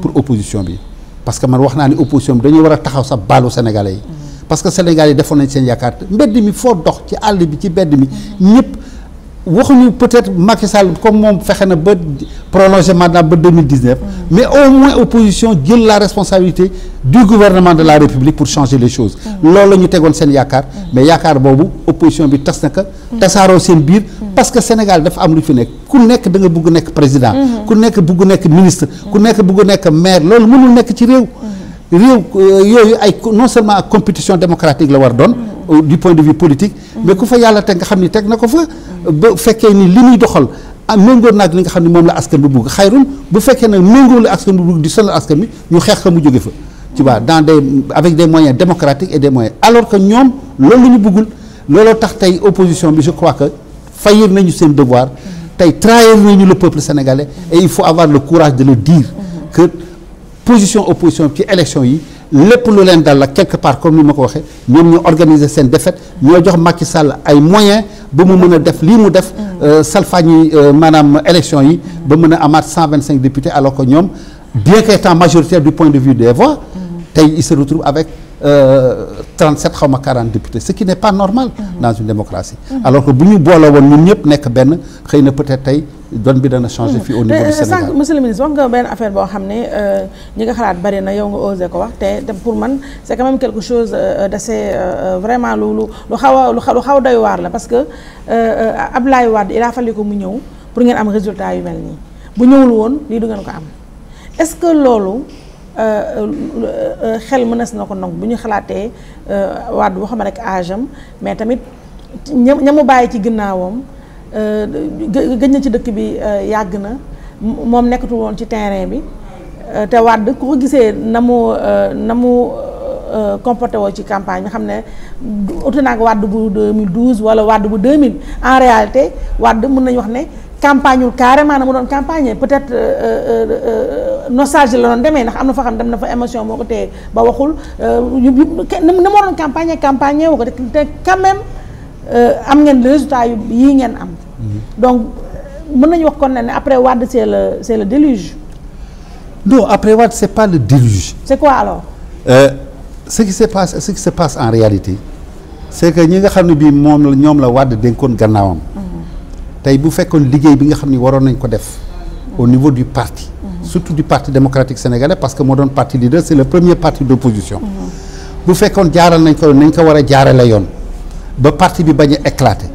pour opposition bi parce que man wax naa ni opposition bi dañuy war a taxaw sa baalu sénégalais yi parce que Sénégal yi defoon nañ seen yaakaar mbedd mi foo dox ci àll bi ci mbedd mi ñëpp waxuñu peut-être Macky Sall comme moom fexe na ba prolongé mandat ba 2019 mais au moins opposition jël la responsabilité du gouvernement de la République pour changer les choses lool lañu ñu tegoon seen yaakaar mais yaakaar boobu opposition bi tas na ka tasaaroo seen biir parce que Sénégal dafa am lu fi nekk ku nekk da nga bugg nekk président ku nekk bugg nekk ministre ku nekk bugg nekk maire loolu mënul nekk ci réew réew euh, yooyu ay non seulement ak compétition démocratique la war doon euh, du point de vue politique mm. mais ku fa yàlla teg nga xam ni teg na ko fa ba fekkee ni li muy doxal am ah, méngoon naag li nga xam ne moom la askan bu bugg xayrun bu fekkee nag méngoo la askan bi bugg di sonal askan bi ñu xeex ka mu jóge fa tu vois dans des avec des moyens démocratiques et des moyens alors que ñoom loolu la ñu buggul looloo tax tey opposition bi je crois que faillir nañu seen devoir mm. tey trahir nañu le peuple sénégalais mm. et il faut avoir le courage de le dire position opposition ci élection yi lépp lu leen dal la quelque part comme ni ma ko waxee ñoom ñoo organiser seen défaite ñoo jox Macky Sall ay moyens ba mu mën a def lii mu def. Mm. Euh, salfaañi euh, maanaam élection yi. ba mën a amaat cent vingt cinq députés alors que ñoom bien que étant majoritaire du point de vue des voix. Mm. tey il se retrouve avec euh, trente sept xaw ma quarante députés ce qui n'est pas normal. Mm. dans une démocratie. alors que bu ñu boole woon ñun ñëpp nekk benn xëy na peut-être tey. donne bi dana changé hmm. fii au niveau du eh, eh, Sénégal sànq monsieur le ministre wax nga benn affaire boo xam ne euh, ñi na yow osé ko wax te pour man c' est quand même quelque chose euh, d'assez euh, vraiment lu lu lu xaw a lu xaw doy waar la parce que Abdoulaye Wade il a fallu ko mu ñëw pour ngeen am résultat yu mel nii bu ñëwul woon lii du ngeen ko am est ce que loolu xel mënees na si na ko nangu bu ñu xalaatee Wade waxuma rek âge mais tamit ña ña bàyyi ci ginnaawam. Euh, gëj na ci dëkk bi euh, yàgg na moom nekkatu woon ci terrain bi euh, te Wàdd ku ko gisee na mu na mu comporté woo ci campagne bi xam ne uti naag Wàdd bu 2012 wala Wàdd bu 2000 en réalité Wàdd mën nañu wax ne campagne wul carrément na mu doon campagne peut-être nostalgie la doon demee ndax am na fa xam dem na fa émotion boo ko téye ba waxul na mu doon campagne campagne wu ko te quand am ngeen résultat yu yii ngeen am. Mhm. donc mën nañu wax kon ne ne après Wade c' est le c' est le déluge. non après Wade c' est pas le déluge. c' est alors. Euh, ce qui se passe ce qui se passe en réalité c' est ñi nga xam ne bii moom la ñoom la Wade dénkoon gannaawam. Mhm. tey bu fekkoon liggéey bi nga xam ne waroon nañ ko def. au niveau du parti. Mhm. surtout du parti démocratique sénégalais parce que moo doon parti leader c' est le premier parti d' opposition. bu fekkoon jaaral nañ ko nañ ko war a jaarale yoon. ba parti bi bañ a éclater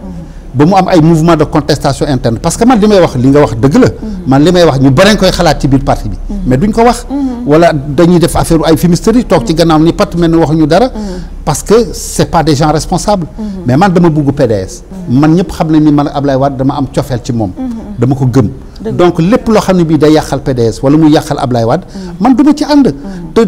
ba mu am ay mouvement de contestation interne parce que man li may wax li nga wax dëgg la man li may wax ñu bari koy xalaat ci biir parti bi mais duñ ko wax wala dañuy def affaire ay fumisterie toog ci gannaaw ni pat mel ni waxuñu dara parce que c'est pas des gens responsable mais man dama bugg PDS man ñëpp xam nañ ni man Ablaye Wade dama am cofeel ci moom dama ko gëm donc lépp loo xam ne bii day yàqal PDS wala mu yàqal Ablaye Wade man du ci ànd te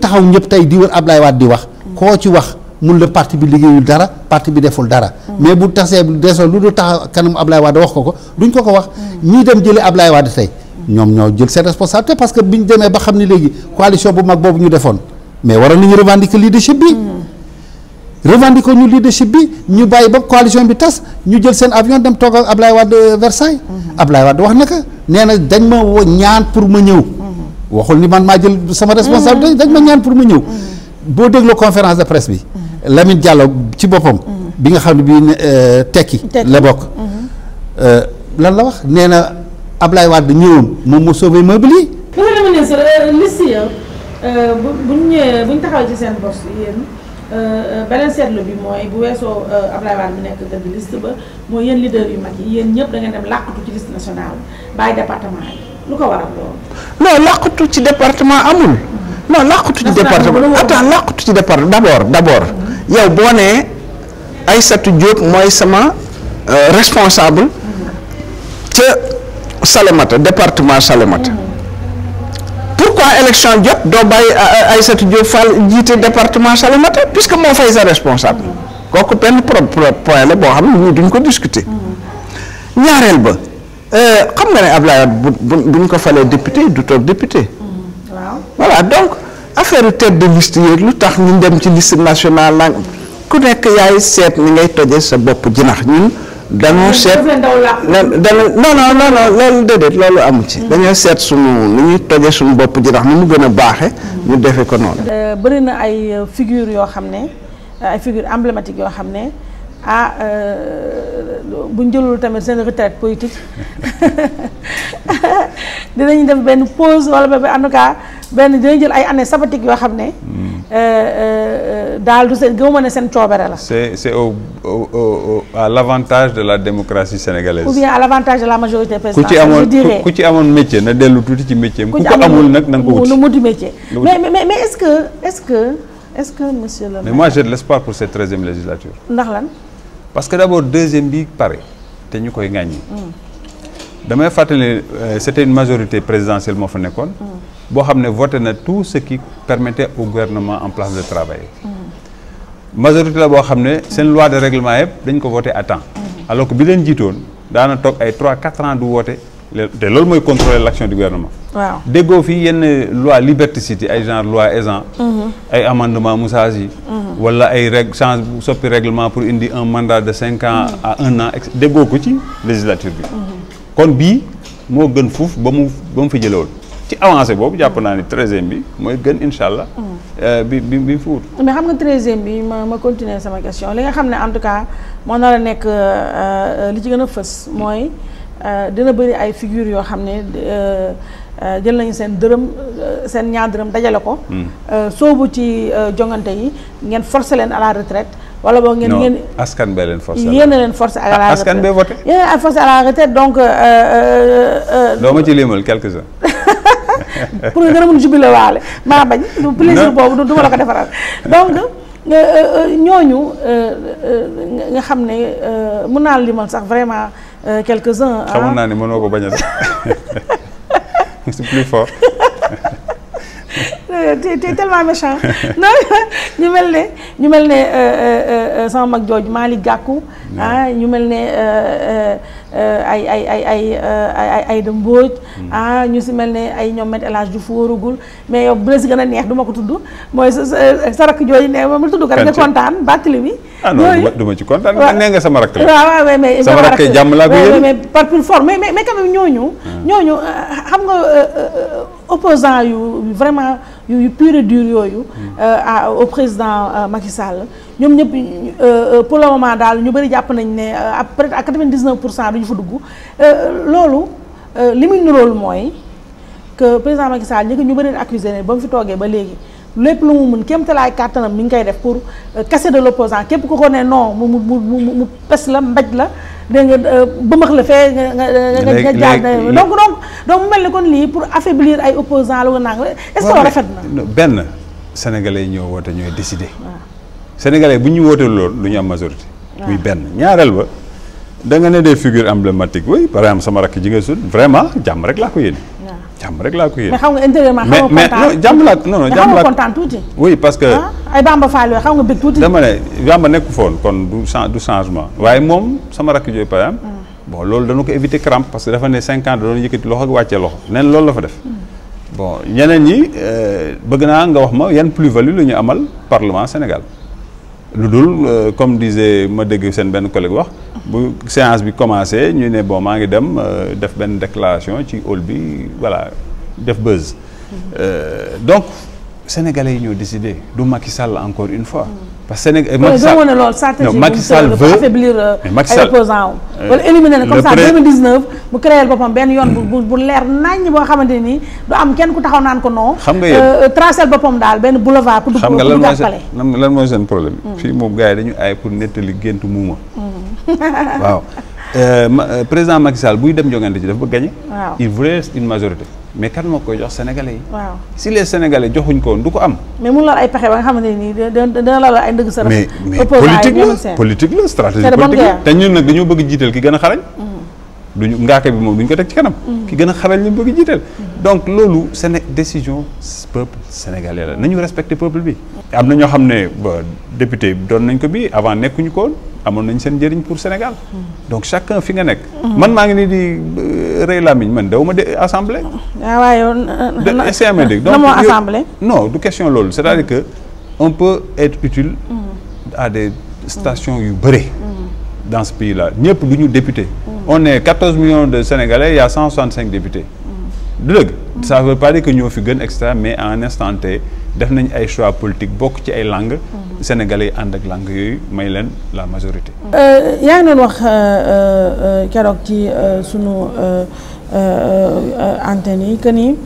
taxaw ñëpp tey di wër Ablaye Wade di wax koo ci wax mun la parti bi liggéeyul dara parti bi deful dara. Mm. mais bu tasee desoo lu dul tax kanam Ablaye Wade wax ko ko duñ ko ko wax. Mm. ñii dem jëlee Ablaye Wade tey. ñoom ñoo jël seen responsabilité parce que biñ demee ba xam ni léegi coalition bu mag boobu ñu defoon mais waroon nañu revendiquer leadership bi. Mm. revendiquer ñu lii leadership bi ñu bàyyi ba coalition bi tas ñu jël seen avion dem toog ak Ablaye Wade Versailles. Mm-hmm. Ablaye Wade wax na ko nee na dañ ma woo ñaan pour ma ñëw. Mm-hmm. waxul ni man maa jël sama responsabilité mm-hmm. dañ ma ñaan pour ma ñëw. boo dégloo conférence de Lamine Diallo ci boppam. Mm-hmm. bi nga xam ne bi euh, tekki. la bokk. Mm-hmm. Euh, lan la wax nee na Ablaye Wade ñëwoon moom moo sauvé meuble yi. dama ne ministre euh, liste ya bu bu ñu bu ñu taxaw ci seen bos yéen beneen seetlu bi mooy bu weesoo Ablaye Wade mu nekk dëgg liste ba mooy yéen leader yu mag yi yéen ñëpp da ngeen dem làqatu ci liste nationale bàyyi département yi lu ko waral loolu. non làqatu ci département amul. non làqatu ci département attends làqatu ci département d'abord yow boo nee Aïssatou Diop mooy sama euh, responsable ca Salémata département Salémata pourquoi élection jot doo bàyyi euh, euh, Aïssatou Diop Fall jiite département Salémata puisque moo fay sa responsable kooku benn pro point la boo xam ne ñu duñ ko discuter ñaareel ba xam nga ne Abdoulaye Wade bu buñ ko falee député du toog député voilà donc affaire tête de liste lu tax ñu dem ci liste nationale nag ku nekk yaay seet ni ngay tojee sa bopp jinax ñun. dañoo seet loolu non non non loolu déedéet ci. Mm. dañoo seet suñu nu ñuy toje suñu bopp jinax ni mu gën a baaxee. Mm. ñu defee ko noonu. Euh, bëri na ay figure yoo xam ne ay figure emblématique yoo xam ne. ah euh, buñ jëlul tamit seen retraite politique dinañ def benn pause wala ba en tout cas benn dinañ jël ay année sabbatique yoo xam ne. Hmm. Euh, euh, daal du seen gëmuma ne seen coobere la. c'est c'est au au à l'avantage de la démocratie sénégalaise. ou bien à l'avantage de la majorité présidentielle. ku ci amoon ku na dellu tuuti ci métier ku ko amul nag na ko wuti lu muti métier. mais mais mais est-ce que est-ce que est-ce que monsieur le. mais moi j'ai l'espoir pour cette treizième législature. ndax lan. parce que d' abord deuxième bi pare te ñu koy ŋàññi damay fàttale euh, c' était une majorité présidentielle moo fa nekkoon boo xam ne voté na tout ce qui permettait au gouvernement en place de travailler majorité la boo xam ne seen loi de règlement yëpp dañ ko voté à temps alors bi leen jiitoon daana toog ay trois quatre du woote te loolu mooy contrôler l' action du gouvernement. waaw déggoo fii yenn loi liberticide yi ay genre loi Ezzan. Mhm. ay amendement Moussa yi mhm. wala ay reg change bu soppi règlement pour indi un mandat de cinq ans mhm. à un an déggoo ko ci législature bi. kon bii moo gën fuuf ba mu ba mu fi jëlee woon ci avancé boobu jàpp naa ni treizième bi mooy gën incha allah. Euh, bi bi bi fi wut. mais xam nga treizième bi ma ma continuer sama question li nga xam ne en tout cas moo nar nekk euh, euh, li ci gën a fës mooy. Euh, dina bëri ay figure yoo xam ne euh, euh, jël nañu seen dërëm seen ñaar dërëm dajale ko. Hmm. soobu ci jongante yi ngeen force leen à la retraite. wala boog ngeen ngeen askan bee leen forcer yéen leen forcer. à la ah, retraite askan bee voté. yéen a forcer à la donc. doo ma ci limal quelques-uns. pour nga gën a mun jubile waale maa bañ. plaisir boobu du ma la ko defaral donc. ñooñu nga xam ne mun naa limal sax vraiment. Euh, quelques-uns. xamoon naa ne mënoo ko bañ a fort. t'es tellement méchant ñu mel ne ñu mel ne euh, euh, euh, sama mag jooju Malick Gakou ah, ñu mel ne ay ay ay ay ay ay de Mbodj mm. ah ñu si mel ne ay ñoom met El Hadj Diouf wóorugul mais yow bu la si gën a neex du ko tudd mooy sa rakk jooju ne ma tudd ko rek nga kontaan bàttali bi ah non du ma ci kontaan nga nee nga sama rakk la waaw waaw mais sama rakk jàmm laa ko yéen mais par pure forme mais mais quand ñooñu ñooñu xam nga opposant yu vraiment yooyu pure et dure yooyu. Euh, au président euh, Macky Sall ñoom ñëpp euh, pour le moment daal ñu bëri jàpp nañ ne à peu près à quatre pour cent duñu fa dugg loolu li muy nirool mooy que président Macky Sall ñu bëri accusé ne ba mu fi toogee ba léegi. lépp lu mu mën kéem talaay kàttanam mi ngi koy def pour euh, casser de l'opposant képp ku ko ne non mu mu mu mu pes la mbaj la dégg nga euh, bëmbax la fee nga nga nga jaar donc donc donc mu mel ni lii pour affaiblir ay opposant la nga benn sénégalais ñoo woote ñooy décider. sénégalais bu ñu woote loolu lu ñu am majorité. benn ñaareel ba da nga ne des figures emblématiques oui par exemple sama rakk ji nga sut vraiment jàmm rek laa ko yéene. jàmm rek laa ko yéene. mais xam nga intérieurement xam nga kontaan mais non jàmm laa non non jàmm laa kontaan tuuti. oui parce que ah, ay Bamba Fall yooyu xam nga bëgg tuuti. dama ne Bamba nekk foon kon du du changement. waaye moom sama rakk jooy par exemple. Hmm. bon loolu dañu ko éviter crampe parce que dafa ne cinq ans da doon yëkkati loxo ak wàccee loxo neen loolu la fa def. Hmm. bon ñeneen ñi euh, bëgg naa nga wax ma yan plus value la ñu amal parlement Sénégal. lu dul euh, comme disait ma dégg seen benn collègue wax bu séance bi commencé ñu ne bon maa ngi dem euh, def benn déclaration ci hall bi voilà def buzz mm-hmm. euh, donc sénégalais yi ñoo décidé du Macky Sall encore une fois. Mm-hmm. parce que Sénégal Macky Sall loolu loolu stratégie Macky Sall veut affaiblir ay euh, boppam benn yoon bu bu leer naññ boo xamante nii du am kenn ku taxaw naan ko non xam nga yéen euh, euh, tracel boppam daal benn boulevard pour xam nga lan mooy lan mooy seen problème mm. fii moom gars yi dañu aay pour nettali géntu muuma mm. waaw président Macky buy dem jongante ji dafa bëgg gagner il voulait une majorité mais kan moo koy jox sénégalais yi. waaw si les sénégalais joxuñ ko woon du ko am. mais mun la ay pexe ba nga xamante ni nii dina la ay ndëgg sa. mais mais politique la politique la stratégie politique la te ñun nag dañoo bëgg jiital ki gën a xarañ. Mm. duñu ngaaka bi moom duñ ko teg ci kanam. Mm. ki gën a xaral li mu bëgg jiital. Mm. donc loolu Séné décision peuple sénégalais la nañu respecté peuple bi. am na ñoo xam ne ba député doon nañ ko bii avant nekkuñu ko amoon nañ seen njëriñ pour Sénégal. Mm. donc chaque chacun fi nga nekk. man maa ngi nii di euh, rëy làmmiñ man daw ma de assemblée. na ah, waaye yow. Euh, dégg donc non du question loolu c'est-à-dire que on peut être utile. à des stations yu bëri. dans ce pays là ñëpp du ñu député. on est 14 millions de Sénégalais il y a 165 députés. Mm. du dëgg ça veut pas dire ñoo fi gën extra mais en instant def nañ ay choix politique bokk ci ay lang mm. sénégalais yi ànd ak langues yooyu may leen la majorité. Mm. Euh, yaa ngi doon wax euh, euh, keroog ci sunu antenne yi que ni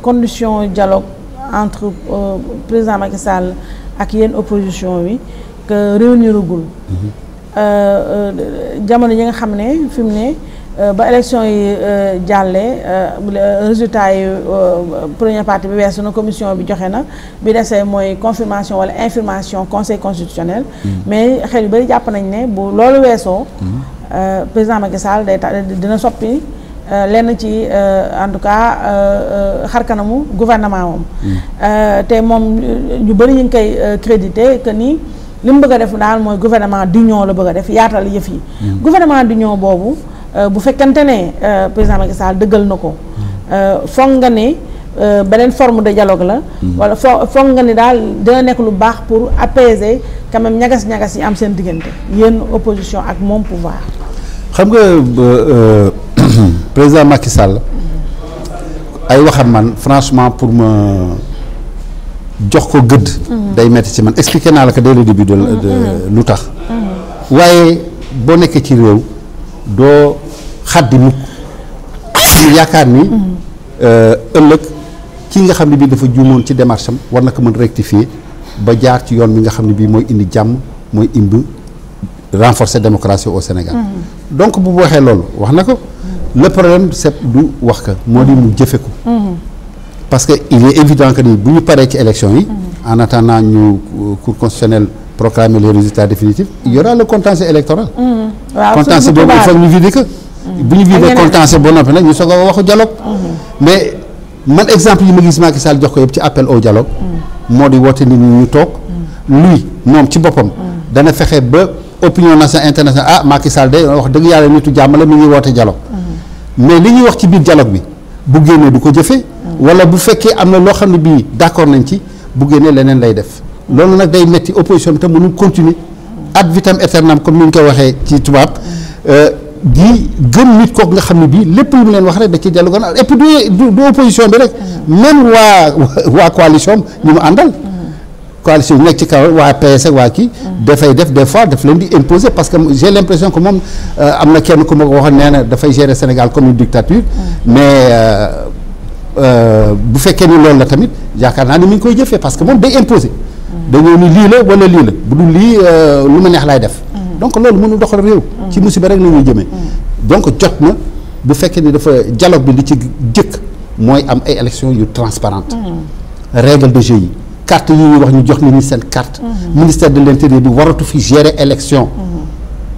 condition dialogue entre président Macky Sall ak yéen opposition bi que réuniragul. Mm-hmm. Euh, euh, jamono yi nga xam ne fi mu ne euh, ba élection yi jàllee résultat yi première partie bi weesu na commission bi joxe na bi desee mooy confirmation wala information conseil constitutionnel. Mm. mais xel yu bari jàpp nañ ne bu loolu weesoo. Mm. président ma Sall day dina soppi. lenn ci en tout cas xarkanamu gouvernement moom. Mm. te moom ñu bari ñu ngi koy crédité que ni. li mu bëgg a def daal mooy gouvernement d'union la bëgg a def yaatal yëf yi. Mm. gouvernement d'union boobu euh, bu fekkante ne euh, président Macky Sall dëggal na ko. Mm. Euh, foog nga ne beneen forme de dialogue la. Mm. wala foo foog nga ni daal dina nekk lu baax pour apaiser quand même ñagas-ñagas yi am seen diggante yéen opposition ak moom pouvoir. xam nga président Macky Sall ay waxam man franchement pour ma. jox ko gëdd. day metti ci man expliqué naa la ko dès le début de lu tax. waaye boo nekkee ci réew doo xaddi mukk ñu yaakaar ni. Euh, ëllëg ki nga xam ne bii dafa juumoon ci démarche war na ko mën rectifier ba jaar ci yoon bi nga xam ne bii mooy indi jàmm mooy imb renforcer démocratie au Sénégal. donc bu waxee loolu wax na ko. le problème du wax ko moo di mu jëfe ko. parce que il est évident que ni bu ñu paree ci élection yi. Mm-hmm. en attendant ñu euh, cour constitutionnelle proclamer les résultats définitifs il y aura le contentieux électoral. Mm-hmm. waaw boobu il ñu vider mm-hmm. bu ñu vider contentieux ba nag ñu soog a waxu dialogue. mais man exemple yi ma gis Macky Sall jox ko yëpp ci appel au dialogue. moo di woote nit ñi ñu toog. lui moom ci boppam. dana fexe ba opinion nationale internationale ah Macky Sall day wax dëgg yàlla nitu jàmm la mi ngi woote mais li ñuy wax ci biir dialogue bi bu génnee du ko wala bu fekkee am na loo xam ne bii d'accord nañ ci bu génnee leneen lay def loolu nag day metti opposition bi tam mënul continuer ad vitam aeternam comme ni ñu koy waxee ci tubaab euh, di gën nit kook nga xam ne bii lépp lu mu leen wax rek da ci dellu gannaaw et puis du du opposition bi rek même waa waa coalition ñu mu àndal coalition bi nekk ci kaw waa PS ak waa kii dafay def des fois daf leen di imposer parce que j'ai l'impression ko moom euh, am na kenn ku ma ko waxoon nee dafay gérer Sénégal comme une dictature mais euh, Euh, bu fekkee ni lool la tamit yaakaar naa ni mi ngi koy jëfee parce que moom day imposer. dañoo ni lii la wala lii la bu dul lii euh, lu ma neex laay def. Mm-hmm. donc loolu mënul doxal réew. Mm-hmm. ci musiba rek la jëmee. Mm-hmm. donc jot na bu fekkee ni dafa dialogue bi li ci jëkk mooy am ay élections yu transparentes règle de jeu yi carte yi ñuy wax ñu jox nit ñi seen carte. ministère de l' intérieur bi waratu fi gérer élection.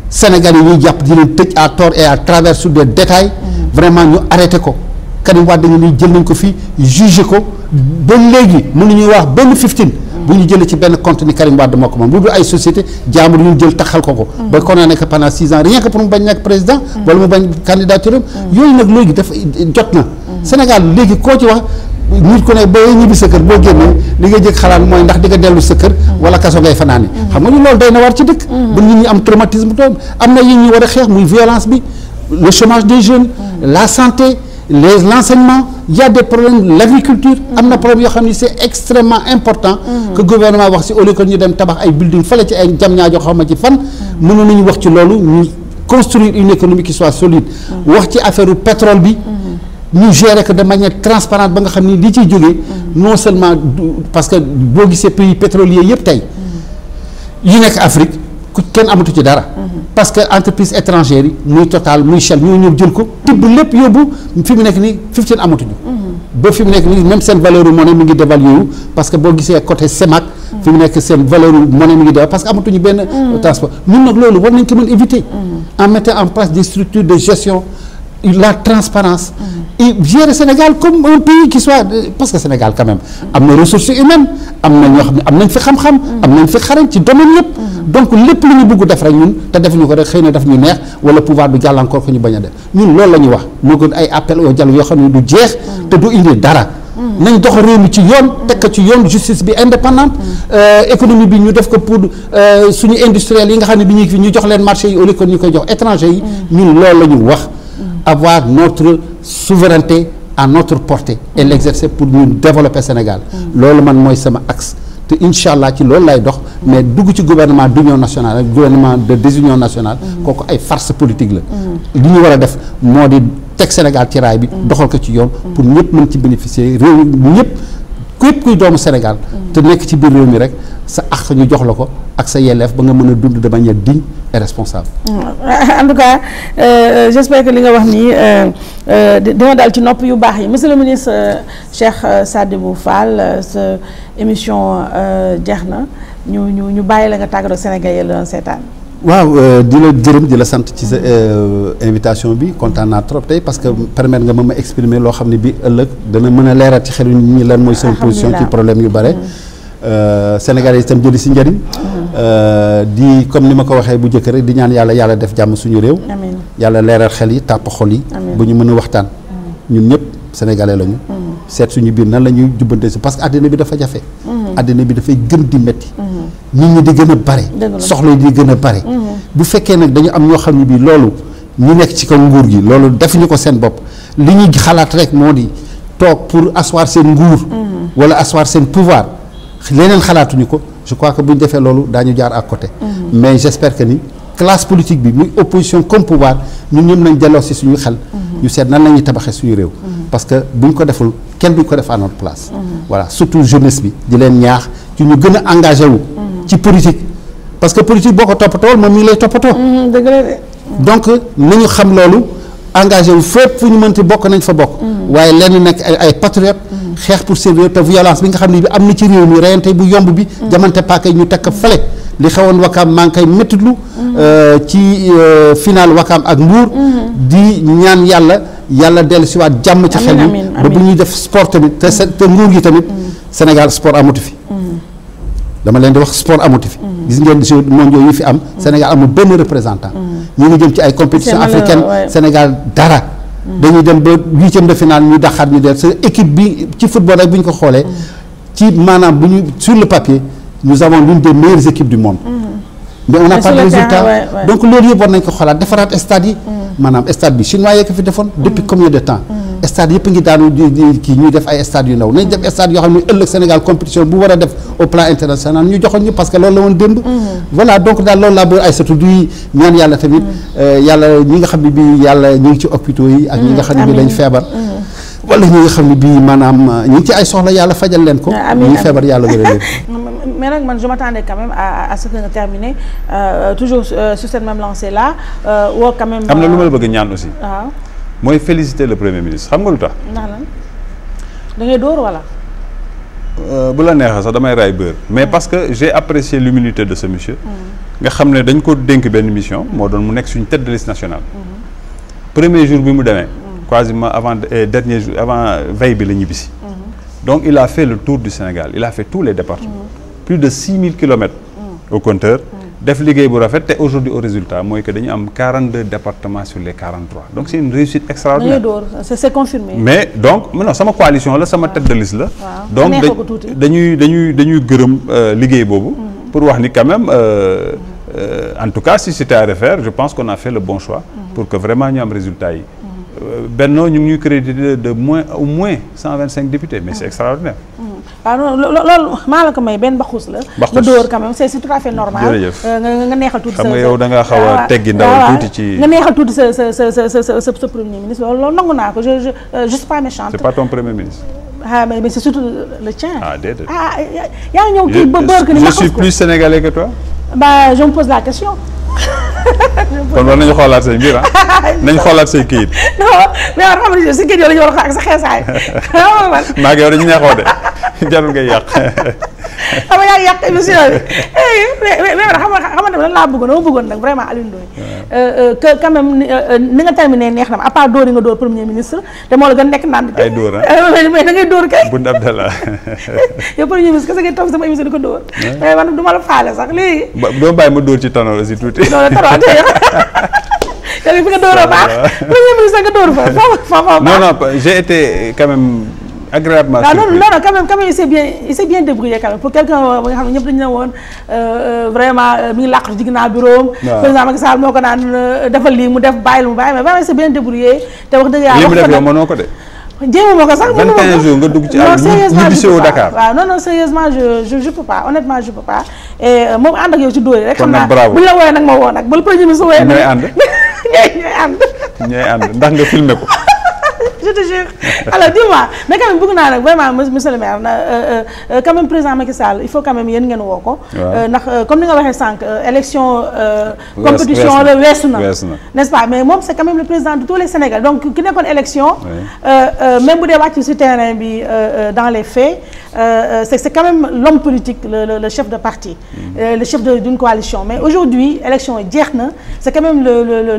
Sénégal yi ñuy jàpp di leen tëj à tort et à travers sur des détails. vraiment ko. Karim Wade ko fii jugé ko ba léegi mënuñuy wax benn fifteen bu ñu ci benn compte ni Karim Wade moo ko ko ko ba kon naa nekk pendant yooyu nag léegi dafa jot na Sénégal léegi koo ci wax nit ku ne ba ñibbi sa kër boo génnee li nga jëkk xalaat mooy ndax di nga dellu sa kër wala kaso ngay fanaani xam nga ni loolu day na war ci dëkk bu nit ñi am traumatisme doom am na yi ñu war a xeex muy violence bi le chômage des jeunes la santé les l'enseignement il y a des l'agriculture am na problème yoo xam ni c'est extrêmement important mm. que gouvernement wax si au que ñu dem tabax ay building fële ci ay jam ñaajoo xam ci fan mënoon nañu wax ci loolu ñu construire une économie qui soit solide mm. wax ci affaire pétrole bi mm-hmm. ñu gérer que de manière transparente ba nga xam ni li ciy jógee mm. non seulement parce que boo gisee pays pétrolier yëpp tey yi nekk Afrique ku kenn amatu ci dara mm-hmm. parce que entreprise étrangère yi muy Total muy Shell ñoo ñëw jël ko tibb lépp yóbbu fi mu nekk nii fifteen amatuñu mhm. ba fi mu nekk nii même seen valeur monnaie mi ngi dévalué wu parce que boo gisee côté CEMAC mhm. fi mu nekk seen valeur monnaie mi ngi dévalué parce que amatuñu benn mhm. transport ñun nag loolu war nañ ko mën éviter en mettant en place des structures de gestion la transparence mm-hmm. et gérer Sénégal comme un pays qui soit parce que Sénégal quand même mm-hmm. am na ressources humaines am na ñoo xam ne am nañ fi xam-xam mm-hmm. am nañ fi xarañ ci domaine yëpp donc lépp lu ñu bëgg def rek ñun te defuñu ko rek xëy na def ñu neex wala pouvoir du jàllankoor ko ñu bañ a def ñun loolu la ñuy wax moo gën ay appel au yoo xam ne du jeex te du indi dara nañ dox réew mi ci yoon teg ko ci yoon justice bi indépendante euh, économie bi ñu def ko pour euh, suñu industriel yi nga xam ne bi ñu fi ñu jox leen marché yi au ñu koy jox étranger yi ñun loolu la ñu wax avoir notre souveraineté à notre portée et l'exercer pour ñu développer Sénégal loolu man mooy sama axe te incha allah ci loolu lay dox mais dugg ci gouvernement d'union nationale ak gouvernement de désunion nationale kooku ay farce politique la li ñu war a def moo di teg Sénégal ci raay bi doxal ko ci yoon pour ñëpp mën ci bénéficier réew ñëpp képp kuy doomu Sénégal mm. te nekk ci biir réew mi rek sa àq ñu jox la ko ak sa yelleef ba nga mën a dund de manière digne et responsable. Mm. en euh, euh, que li nga wax nii euh, dina dal ci nopp yu baax yi monsieur le ministre Cheikh Sadibou Fall sa émission jeex na ñu ñu ñu bàyyi la nga tàggatoo ak Sénégal yi la doon seetaan. waaw euh, di la jërëm di la sant ci sa euh, invitation bi kontaan naa trop tey parce que permettre nga ma ma exprimer loo xam ne bii ëllëg dana mën a leeral ci xelu nit ñi lan mooy seen position ci problème yu bare euh, Sénégal yi itam jëli si njëriñ di comme ni ma ko waxee bu njëkk rek di ñaan yàlla yàlla def jàmm suñu réew yàlla leeral xel yi tàpp xol yi bu ñu mën a waxtaan ñun ñëpp sénégalais lañu seet suñu biir nan la ñuy jubbante si parce que àddina bi dafa jafe. Mhm. àddina bi dafay gën di métti. Mhm. nit ñi di gën a bare. soxla di gën a bare. Mhm. bu fekkee nag dañu am ñoo xam ne bii loolu ñu nekk ci ko nguur gi loolu defuñu ko seen bopp li ñuy xalaat rek moo di toog pour asseoir seen nguur. wala asseoir seen pouvoir leneen xalaatuñu ko je crois que bu ñu defee loolu daañu jaar à côté. mais j'espère que ni. classe politique bi muy opposition comme pouvoir ñun ñoom nañ delloo si suñu xel. Mhm. ñu seet nan la tabaxee suñu réew. Mhm. parce que buñ ko deful kenn duñ ko def à notre place. Mhm. voilà surtout jeunesse bi di leen ñaax ci ñu gën a engagé wu. ci politique parce que politique boo ko toppatoo moom mi ngi lay toppatoo. dëgg donc nañu xam loolu engagé wu fépp fu ñu mënti bokk nañ fa bokk. waaye lenn nekk ay ay patriote xeex pour seen réew te violence bi nga xam ne bi am na ci réew mi bu yomb bi. jamante ñu teg ko li xewoon wakaam maa ngi koy méttitlu euh, ci euh, final wakaam ak mbuur mm-hmm. di ñaan yàlla yàlla dellu siwaat jàmm ci xel yi ba bu ñuy def sport tamit te te nguur gi tamit mm. Sénégal sport amatu fi mm. dama leen di wax sport amatu fi mm. gis ngeen jeux mondiaux yi fi am Sénégal amul benn représentant ñu ngi jëm ci ay compétition africaine Sénégal dara dañuy dem ba huitième de finale ñu daxaat ñu del sa équipe bi ci football rek bu ñu ko xoolee ci maanaam bu ñu sur le papier nous avons l'une des meilleures équipes mm-hmm. on résultat donc loolu yëpp war nañ ko xoolaat defaraat stade yi. Mm-hmm. maanaam stade bi chinois yee fi defoon. Mm-hmm. depuis combien de temps. stade yëpp ngi daanu di ñuy def ay stade yu ndaw nañ def stade yoo xam ne ëllëg Sénégal compétition bu war a def au plan international ñu joxoon ñu parce que loolu la woon démb. voilà donc daal loolu laa bëgg ay satu duy ñaan yàlla tamit euh, yàlla ñi nga xam ne bii yàlla ñu ngi ci hôpitaux yi. ak ñi nga xam ne bii lañ feebar. wala ñi nga xam ne bii maanaam euh, ñi ngi ci ay soxla yàlla fajal leen ko. ñi feebar yàlla wéral mais nag man je m'attendais quand même à à ce que nga terminer euh, toujours euh, sur cette même lancée là euh, woo am na lu ma la bëgg ñaan aussi. mooy féliciter le premier ministre xam nga lu tax. ndax lan da ngay dóor wala. bu la neexee sax damay raay mais parce que j'ai apprécié l'humilité de ce monsieur mm. nga xam ne dañ ko dénk benn mission moo doon mu nekk suñ tête de national nationale mm-hmm. premier jour bi mu demee mm. quasiment avant dernier jour avant veille bi la ñibbisi mm-hmm. donc il a fait tour du Sénégal il a fait tous les départements mm-hmm. plus de 6000 kilomètres mm. au compteur mm. def liggéey bu rafet te aujourd'hui au résultat mooy que dañu am 42 départements sur les 43 donc c'est une réussite extraordinaire c'est confirmé mais donc non sama coalition la sama ah. tête de liste la donc dañuy gërëm euh, liggéey boobu mm. pour wax ni quand même euh, euh, en tout cas si c'était à refaire je pense qu'on a fait le bon choix pour que vraiment ñu am résultat yi Benno ñu ngi ñuy de moins au moins 125 députés mais c'est waaw ah, loolu maa la ko may benn baxus la nga dóor quand même c'est c'est tout à fait normal euh, nga neexal tuuti xam nga yow da nga a neexal tuuti sa sa sa sa premier ministre loolu loolu nangu naa ko je euh, pas méchante c'est pas ton premier ministre ah, mais c'est surtout le tien ah, yaa ñëw kii ba bër je suis plus sénégalais que toi je me pose la question kon war nañu xoolaat say mbir ah. nañu xoolaat say kayit. non mais war xam ne si kayit yow la ñu war a xool sa xeesaay. maa ngi yow dañu jarul ngay yàq. xam nga yaa ngi yàq émission bi eh, mais xam nga xamante ne lan laa bëggoon dama bëggoon nag vraiment Alioune Ndoye euh, euh, que quand même euh, ni nga terminé neex na ma à part dóor yi nga dóor premier ministre te moo la gën nekk naan. ay dóor ah. mais da ngay dóor kay. Boun Abdallah. yow premier ministre kese ngay toog sama émission di ko dóor. mais eh, man du ma la faale sax léegi. ba doo bàyyi ma dóor ci tanoor aussi tuuti. non non tanoor te yow fi nga dóoroo baax premier ministre nga dóor fa foofu foofu baax. non non j'ai été quand même. agréablement waaw loolu loolu quand même quand même il s'est bien il s'est bien débrouillé quand même pour quelqu'un ba euh, nga xam ne ñëpp dañu ne woon euh, euh, vraiment mi ngi làqatu ci ginnaaw bureau am président Macky Sall moo ko naan defal lii mu def bàyyil mu bàyyi mais vraiment il s'est bien débrouillé te wax dëgg yàlla li mu def yow mënoo ko de jéem a ko sax mënu ma ko 21 jours nga dugg ci àll ñibbisiwoo Dakar waaw non non sérieusement je je je peux pas honnêtement je peux pas et moom ànd ak yow ci dóor rek. kon nag bravo xam naa bu ñu la wooyee nag ma woo nag bala premier ministre wooyee. ñooy ànd ñooy ànd. ñooy ànd ndax nga filmé ko. je te alors dis-moi mais quand même bëgg naa nag vraiment monsieur le maire na euh, euh, euh, quand même président Macky Sall il faut quand même yéen ngeen woo ko. ndax comme ni nga waxee sànq élection. compétition la weesu na n'est-ce pas mais moom c'est quand même le président de tous les Sénégalais donc ki nekkoon élection. même bu dee wàcc ci terrain bi dans les faits c'est c'est quand même l'homme politique le chef de parti. Mm. le chef de d'une coalition mais aujourd'hui élection jeex na c'est quand même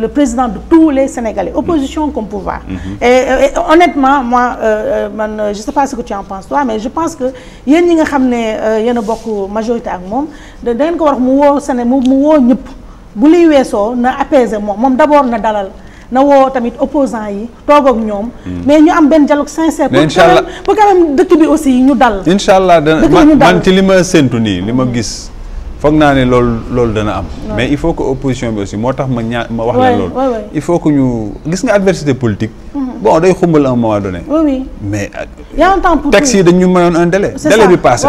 le président de tous les Sénégalais opposition comme pouvoir. Mm-hmm. mais honnêtement moi euh, euh, man euh, je sais pas ce que tu en penses toi mais je pense que yéen ñi nga xam ne euh, yéen bokk majorité ak moom da ngeen ko wax mu woo Séné mu mu woo ñëpp bu luy weesoo na apaiser moom moom d'abord na dalal na woo tamit opposants yi toog ak ñoom. Hmm. mais ñu am benn dialogue sincère. pour quand même dëkk bi aussi ñu dal. incha allah dana man ci li ma séntu nii li ma gis. foog naa ne loolu loolu dana am. mais il faut que opposition bi aussi moo tax ma ñaa ma wax la loolu. il faut que ñu gis nga adversité politique. Mhm. bon day xumbal à un donné. mais. Euh, y a un temps yi dañu mayoon un délai. délai bi passé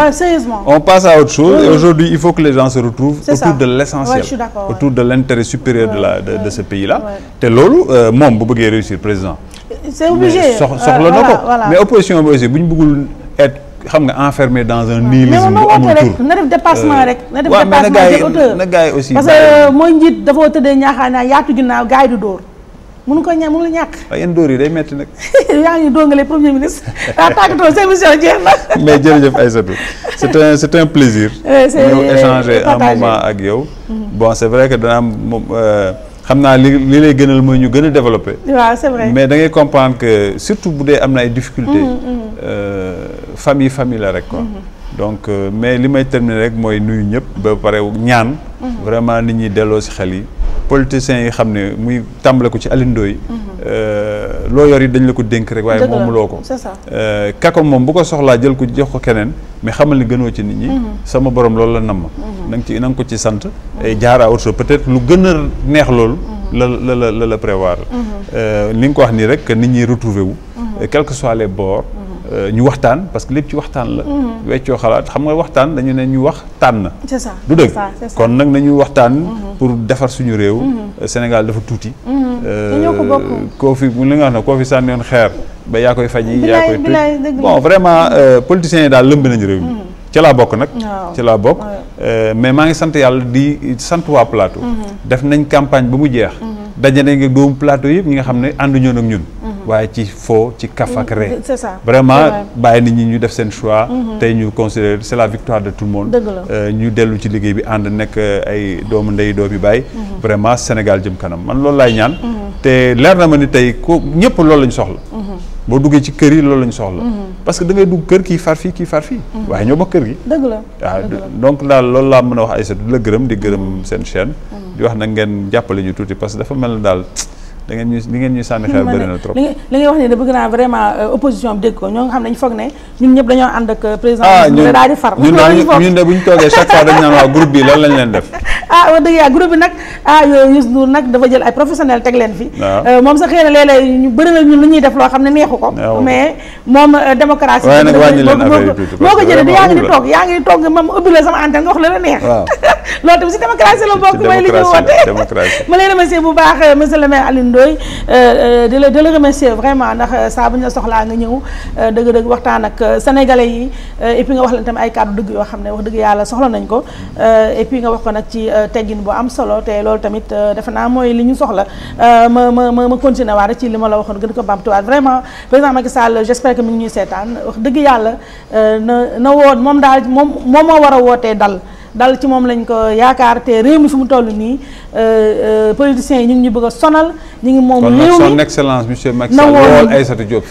on passe à autre chose. aujourd'hui il faut que les gens se retrouvent autour de l' essentiel. autour de l' intérêt supérieur de la de ce pays là. te loolu euh, moom bu bëggee réussir président. soxla na ko mais opposition bi aussi bu ñu bëggul xam nga enfermé dans un nihilisme bu amul tur na def dépassement euh, rek na def dépassement jël hauteur na gars yi aussi parce que mooy njiit dafa tëddee ñaaxaanaa yaatu ginnaaw gars yi du dóor mënu ko ña mënu la ñàkk waaye yéen dóor yi day metti nag yaa ngi dongalee premier ministre daa tàggatoo sa émission jeex na mais jërëjëf Aïssatou c'est un c'est un plaisir ñëw échanger un moment ak yow mhm. bon c'est vrai que dana am moom euh, xam naa li li lay gënal mooy ñu gën a développé waaw c'est vrai mais da ngay comprendre que surtout bu dee am na ay difficultés mhm, mhm. Euh, famille famille la rek ko mhm. donc euh, mais li may terminer rek mooy nuyu ñëpp ba pare ñaan. Mhm. vraiment nit ñi delloo si xel yi. politiciens yi xam ne muy tàmbale ko ci alindo yi. Mhm. Euh, loo yor yi dañ la ko dénk rek. waaye moomuloo ko euh, kako moom bu ko soxlaa jël ko jox ko keneen. mais xamal ni gënoo ci nit ñi. sama borom loolu la nam na nga ci na nga ko ci sant. et jaar à peut-être lu gëna a neex loolu. la la la la prévoir. li nga ko wax nii rek que nit ñi retrouver wu. quel soit les bords. ñu waxtaan parce que lépp ci waxtaan la. Mhm. weccoo xalaat xam nga waxtaan dañu ne ñu wax tànn. c'est ça du dëgg kon nag nañu waxtaan. Mhm. pour defar suñu réew. Mhm. Euh, Sénégal dafa tuuti. Euh, koo fi li nga xam ne koo fi sànni xeer ba yaa koy faj yi yaa koy tuuti bon euh, yi daal lëmb nañu réew mi. ci laa bokk nag ci laa bokk mais maa ngi sant yàlla di sant waa plateau def nañ campagne ba mu jeex daje nañ nga doomu plateau yëpp ñi nga xam ne ànd ñoon ak ñun waaye ci fo ci kaf ak ree c'est ça vraiment bàyyi nit ñi ñu def seen choix mhm. tey ñu considérer c'est la victoire de tout le euh, ñu dellu ci liggéey bi ànd nekk euh, ay doomu ndey doomi baay mhm. vraiment Sénégal jëm kanam man loolu laay ñaan mhm. te leer na ma ni tey ku ñëpp loolu lañu soxla boo duggee ci kër yi loolu la ñu soxla. parce que da ngay dugg kër kii far fii kii far fii. waaye ñoo bokk kër gi. Ah, donc daal loolu laa mën a wax Aïssatou du la gërëm di gërëm seen chaîne. di wax na ngeen jàppale ñu tuuti parce que dafa mel na daal. da ngeen ñu li ngeen ñu sànni xeer bëri na trop li ngay wax ne da bëgg naa vraiment euh, opposition bi dégg ko ñoo xam ne dañu foog ne ñun ñëpp dañoo ànd ak euh, président ah, daal di far ñun de bu ñu toogee chaque fois dañu naan waaw groupe bi lan lañ leen def ah wax dëgg yaa groupe bi nag ah yooyu Youssou Ndour nag dafa jël ay professionnel teg leen fi euh, moom sax xëy na léeg-léeg ñu bëri na ñun lu ñuy def loo xam ne neexu ko mais moom euh, démocratie moo ko jëlee yaa ngi di toog yaa ngi di toog moom ubbi la sama antenne nga wax la la neex loolu tamit si démocratie la bokk mooy li ñu woote ma lay remercier bu baax euh, monsieur le maire Alioune Ndoye di la di ndax saa la soxlaa nga ñëw dëgg-dëgg waxtaan ak sénégalais yi et nga wax ay kàddu dëgg yoo xam ne wax dëgg yàlla soxla nañ ko ko nag teggin bu am solo te loolu tamit euh, defe naa mooy li ñu soxla euh, ma ma ma ma continuer waat ci li ma la waxoon gën ko bamtuwaat vraiment président Macky Sall j'espère que mi ngi ñuy seetaan wax dëgg yàlla euh, na na woon moom daal moom moom moo war a wootee dal dal ci moom lañ ko yaakaar te réew mi fi mu toll nii politiciens yi ñu ngi ñu bëgg sonal. ñu ngi moom réew mi kon nag son excellence monsieur Macky Sall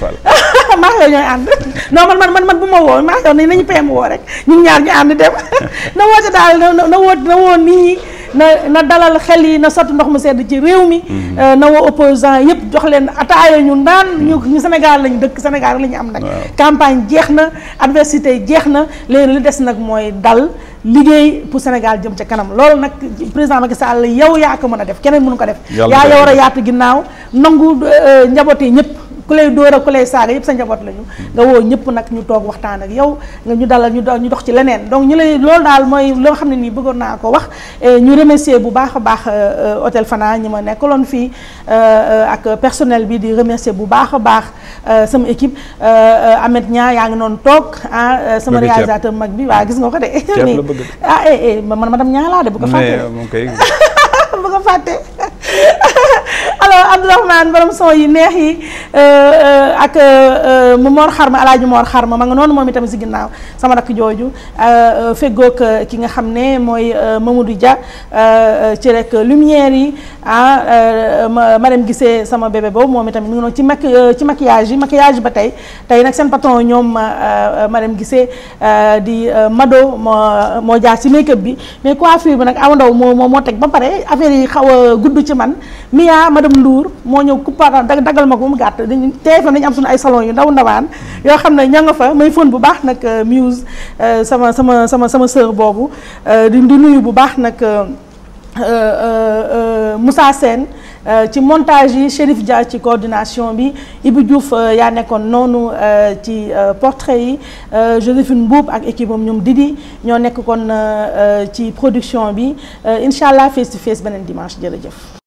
wool maa yow ñooy ànd non man man man man bu ma woo maa yow ni nañu PM woo rek ñun ñaar ñu ànd dem na woote daal na woo na woo nit ñi na na dalal xel yi na sotti ndox mu sedd ci réew mi mm-hmm. euh, na woo opposant yëpp jox leen ataaya ñu naan mm-hmm. ñu ñu Sénégal lañu dëkk Sénégal la ñu am nag campagne jeex na adversité jeex na léegi li des nag mooy dal liggéey pour senegal jëm ca kanam loolu nag président Macky Sall yow yaa ko mën a def keneen mënu ko def yaa yow a yaatu ginnaaw nangu euh, njaboot yi ñëpp ku lay dóor ak ku lay saaga yëpp sa njaboot lañu nga woo ñëpp nag ñu toog waxtaan ak yow nga ñu dalal ñu dox ci leneen donc ñu lay loolu daal mooy loo xam ne nii bëggoon naa ko wax ñu remercier bu baax a baax euh, hôtel Fana ñi ma nekkaloon fii euh, ak personnel bi di remercier bu baax a baax euh, sama équipe Ahmed Nia yaa ngi noonu toog ah sama réalisateur mag bi waa gis nga ko de ah eh eh man madame Nia laa de bu ko fàtte bu ko fàtte alors Abdourahmane borom son yi neex yi euh, euh, ak euh, mu Mor Xarma El Hadj Mor xar ma ma nga noonu moom itam si ginnaaw sama rakk jooju feggoog ki nga xam ne mooy Mamadou Dia ci rek lumière yi ah ma dem gisee sama bébé moom itam mi ngi noonu ci maki ci maquillage yi maquillage ba tey tey nag seen patron ñoom ma dem gisee di Mado moo moo jaar ci make-up bi mais coiffure bi nag awandaw moo moo moo teg ba pare affaire yi xaw a gudd ci man Mia ma Youssou moo ñëw coupa dagal ma ko mu gàtt dañu TFM dañu am suñu ay salon yu ndaw ndawaan yoo xam ne ña nga fa may fon bu baax nag euh, Muse euh, sama sama sama sama sœur boobu euh, di nuyu bu baax nag Moussa Sène ci montage yi Chérif Dia ci coordination bi Ibou Diouf yaa nekkoon noonu ci portrait yi Joséphine Mbuub ak équipe am ñoom Didi ñoo nekk kon ci production bi incha allah face to face beneen dimanche jërëjëf.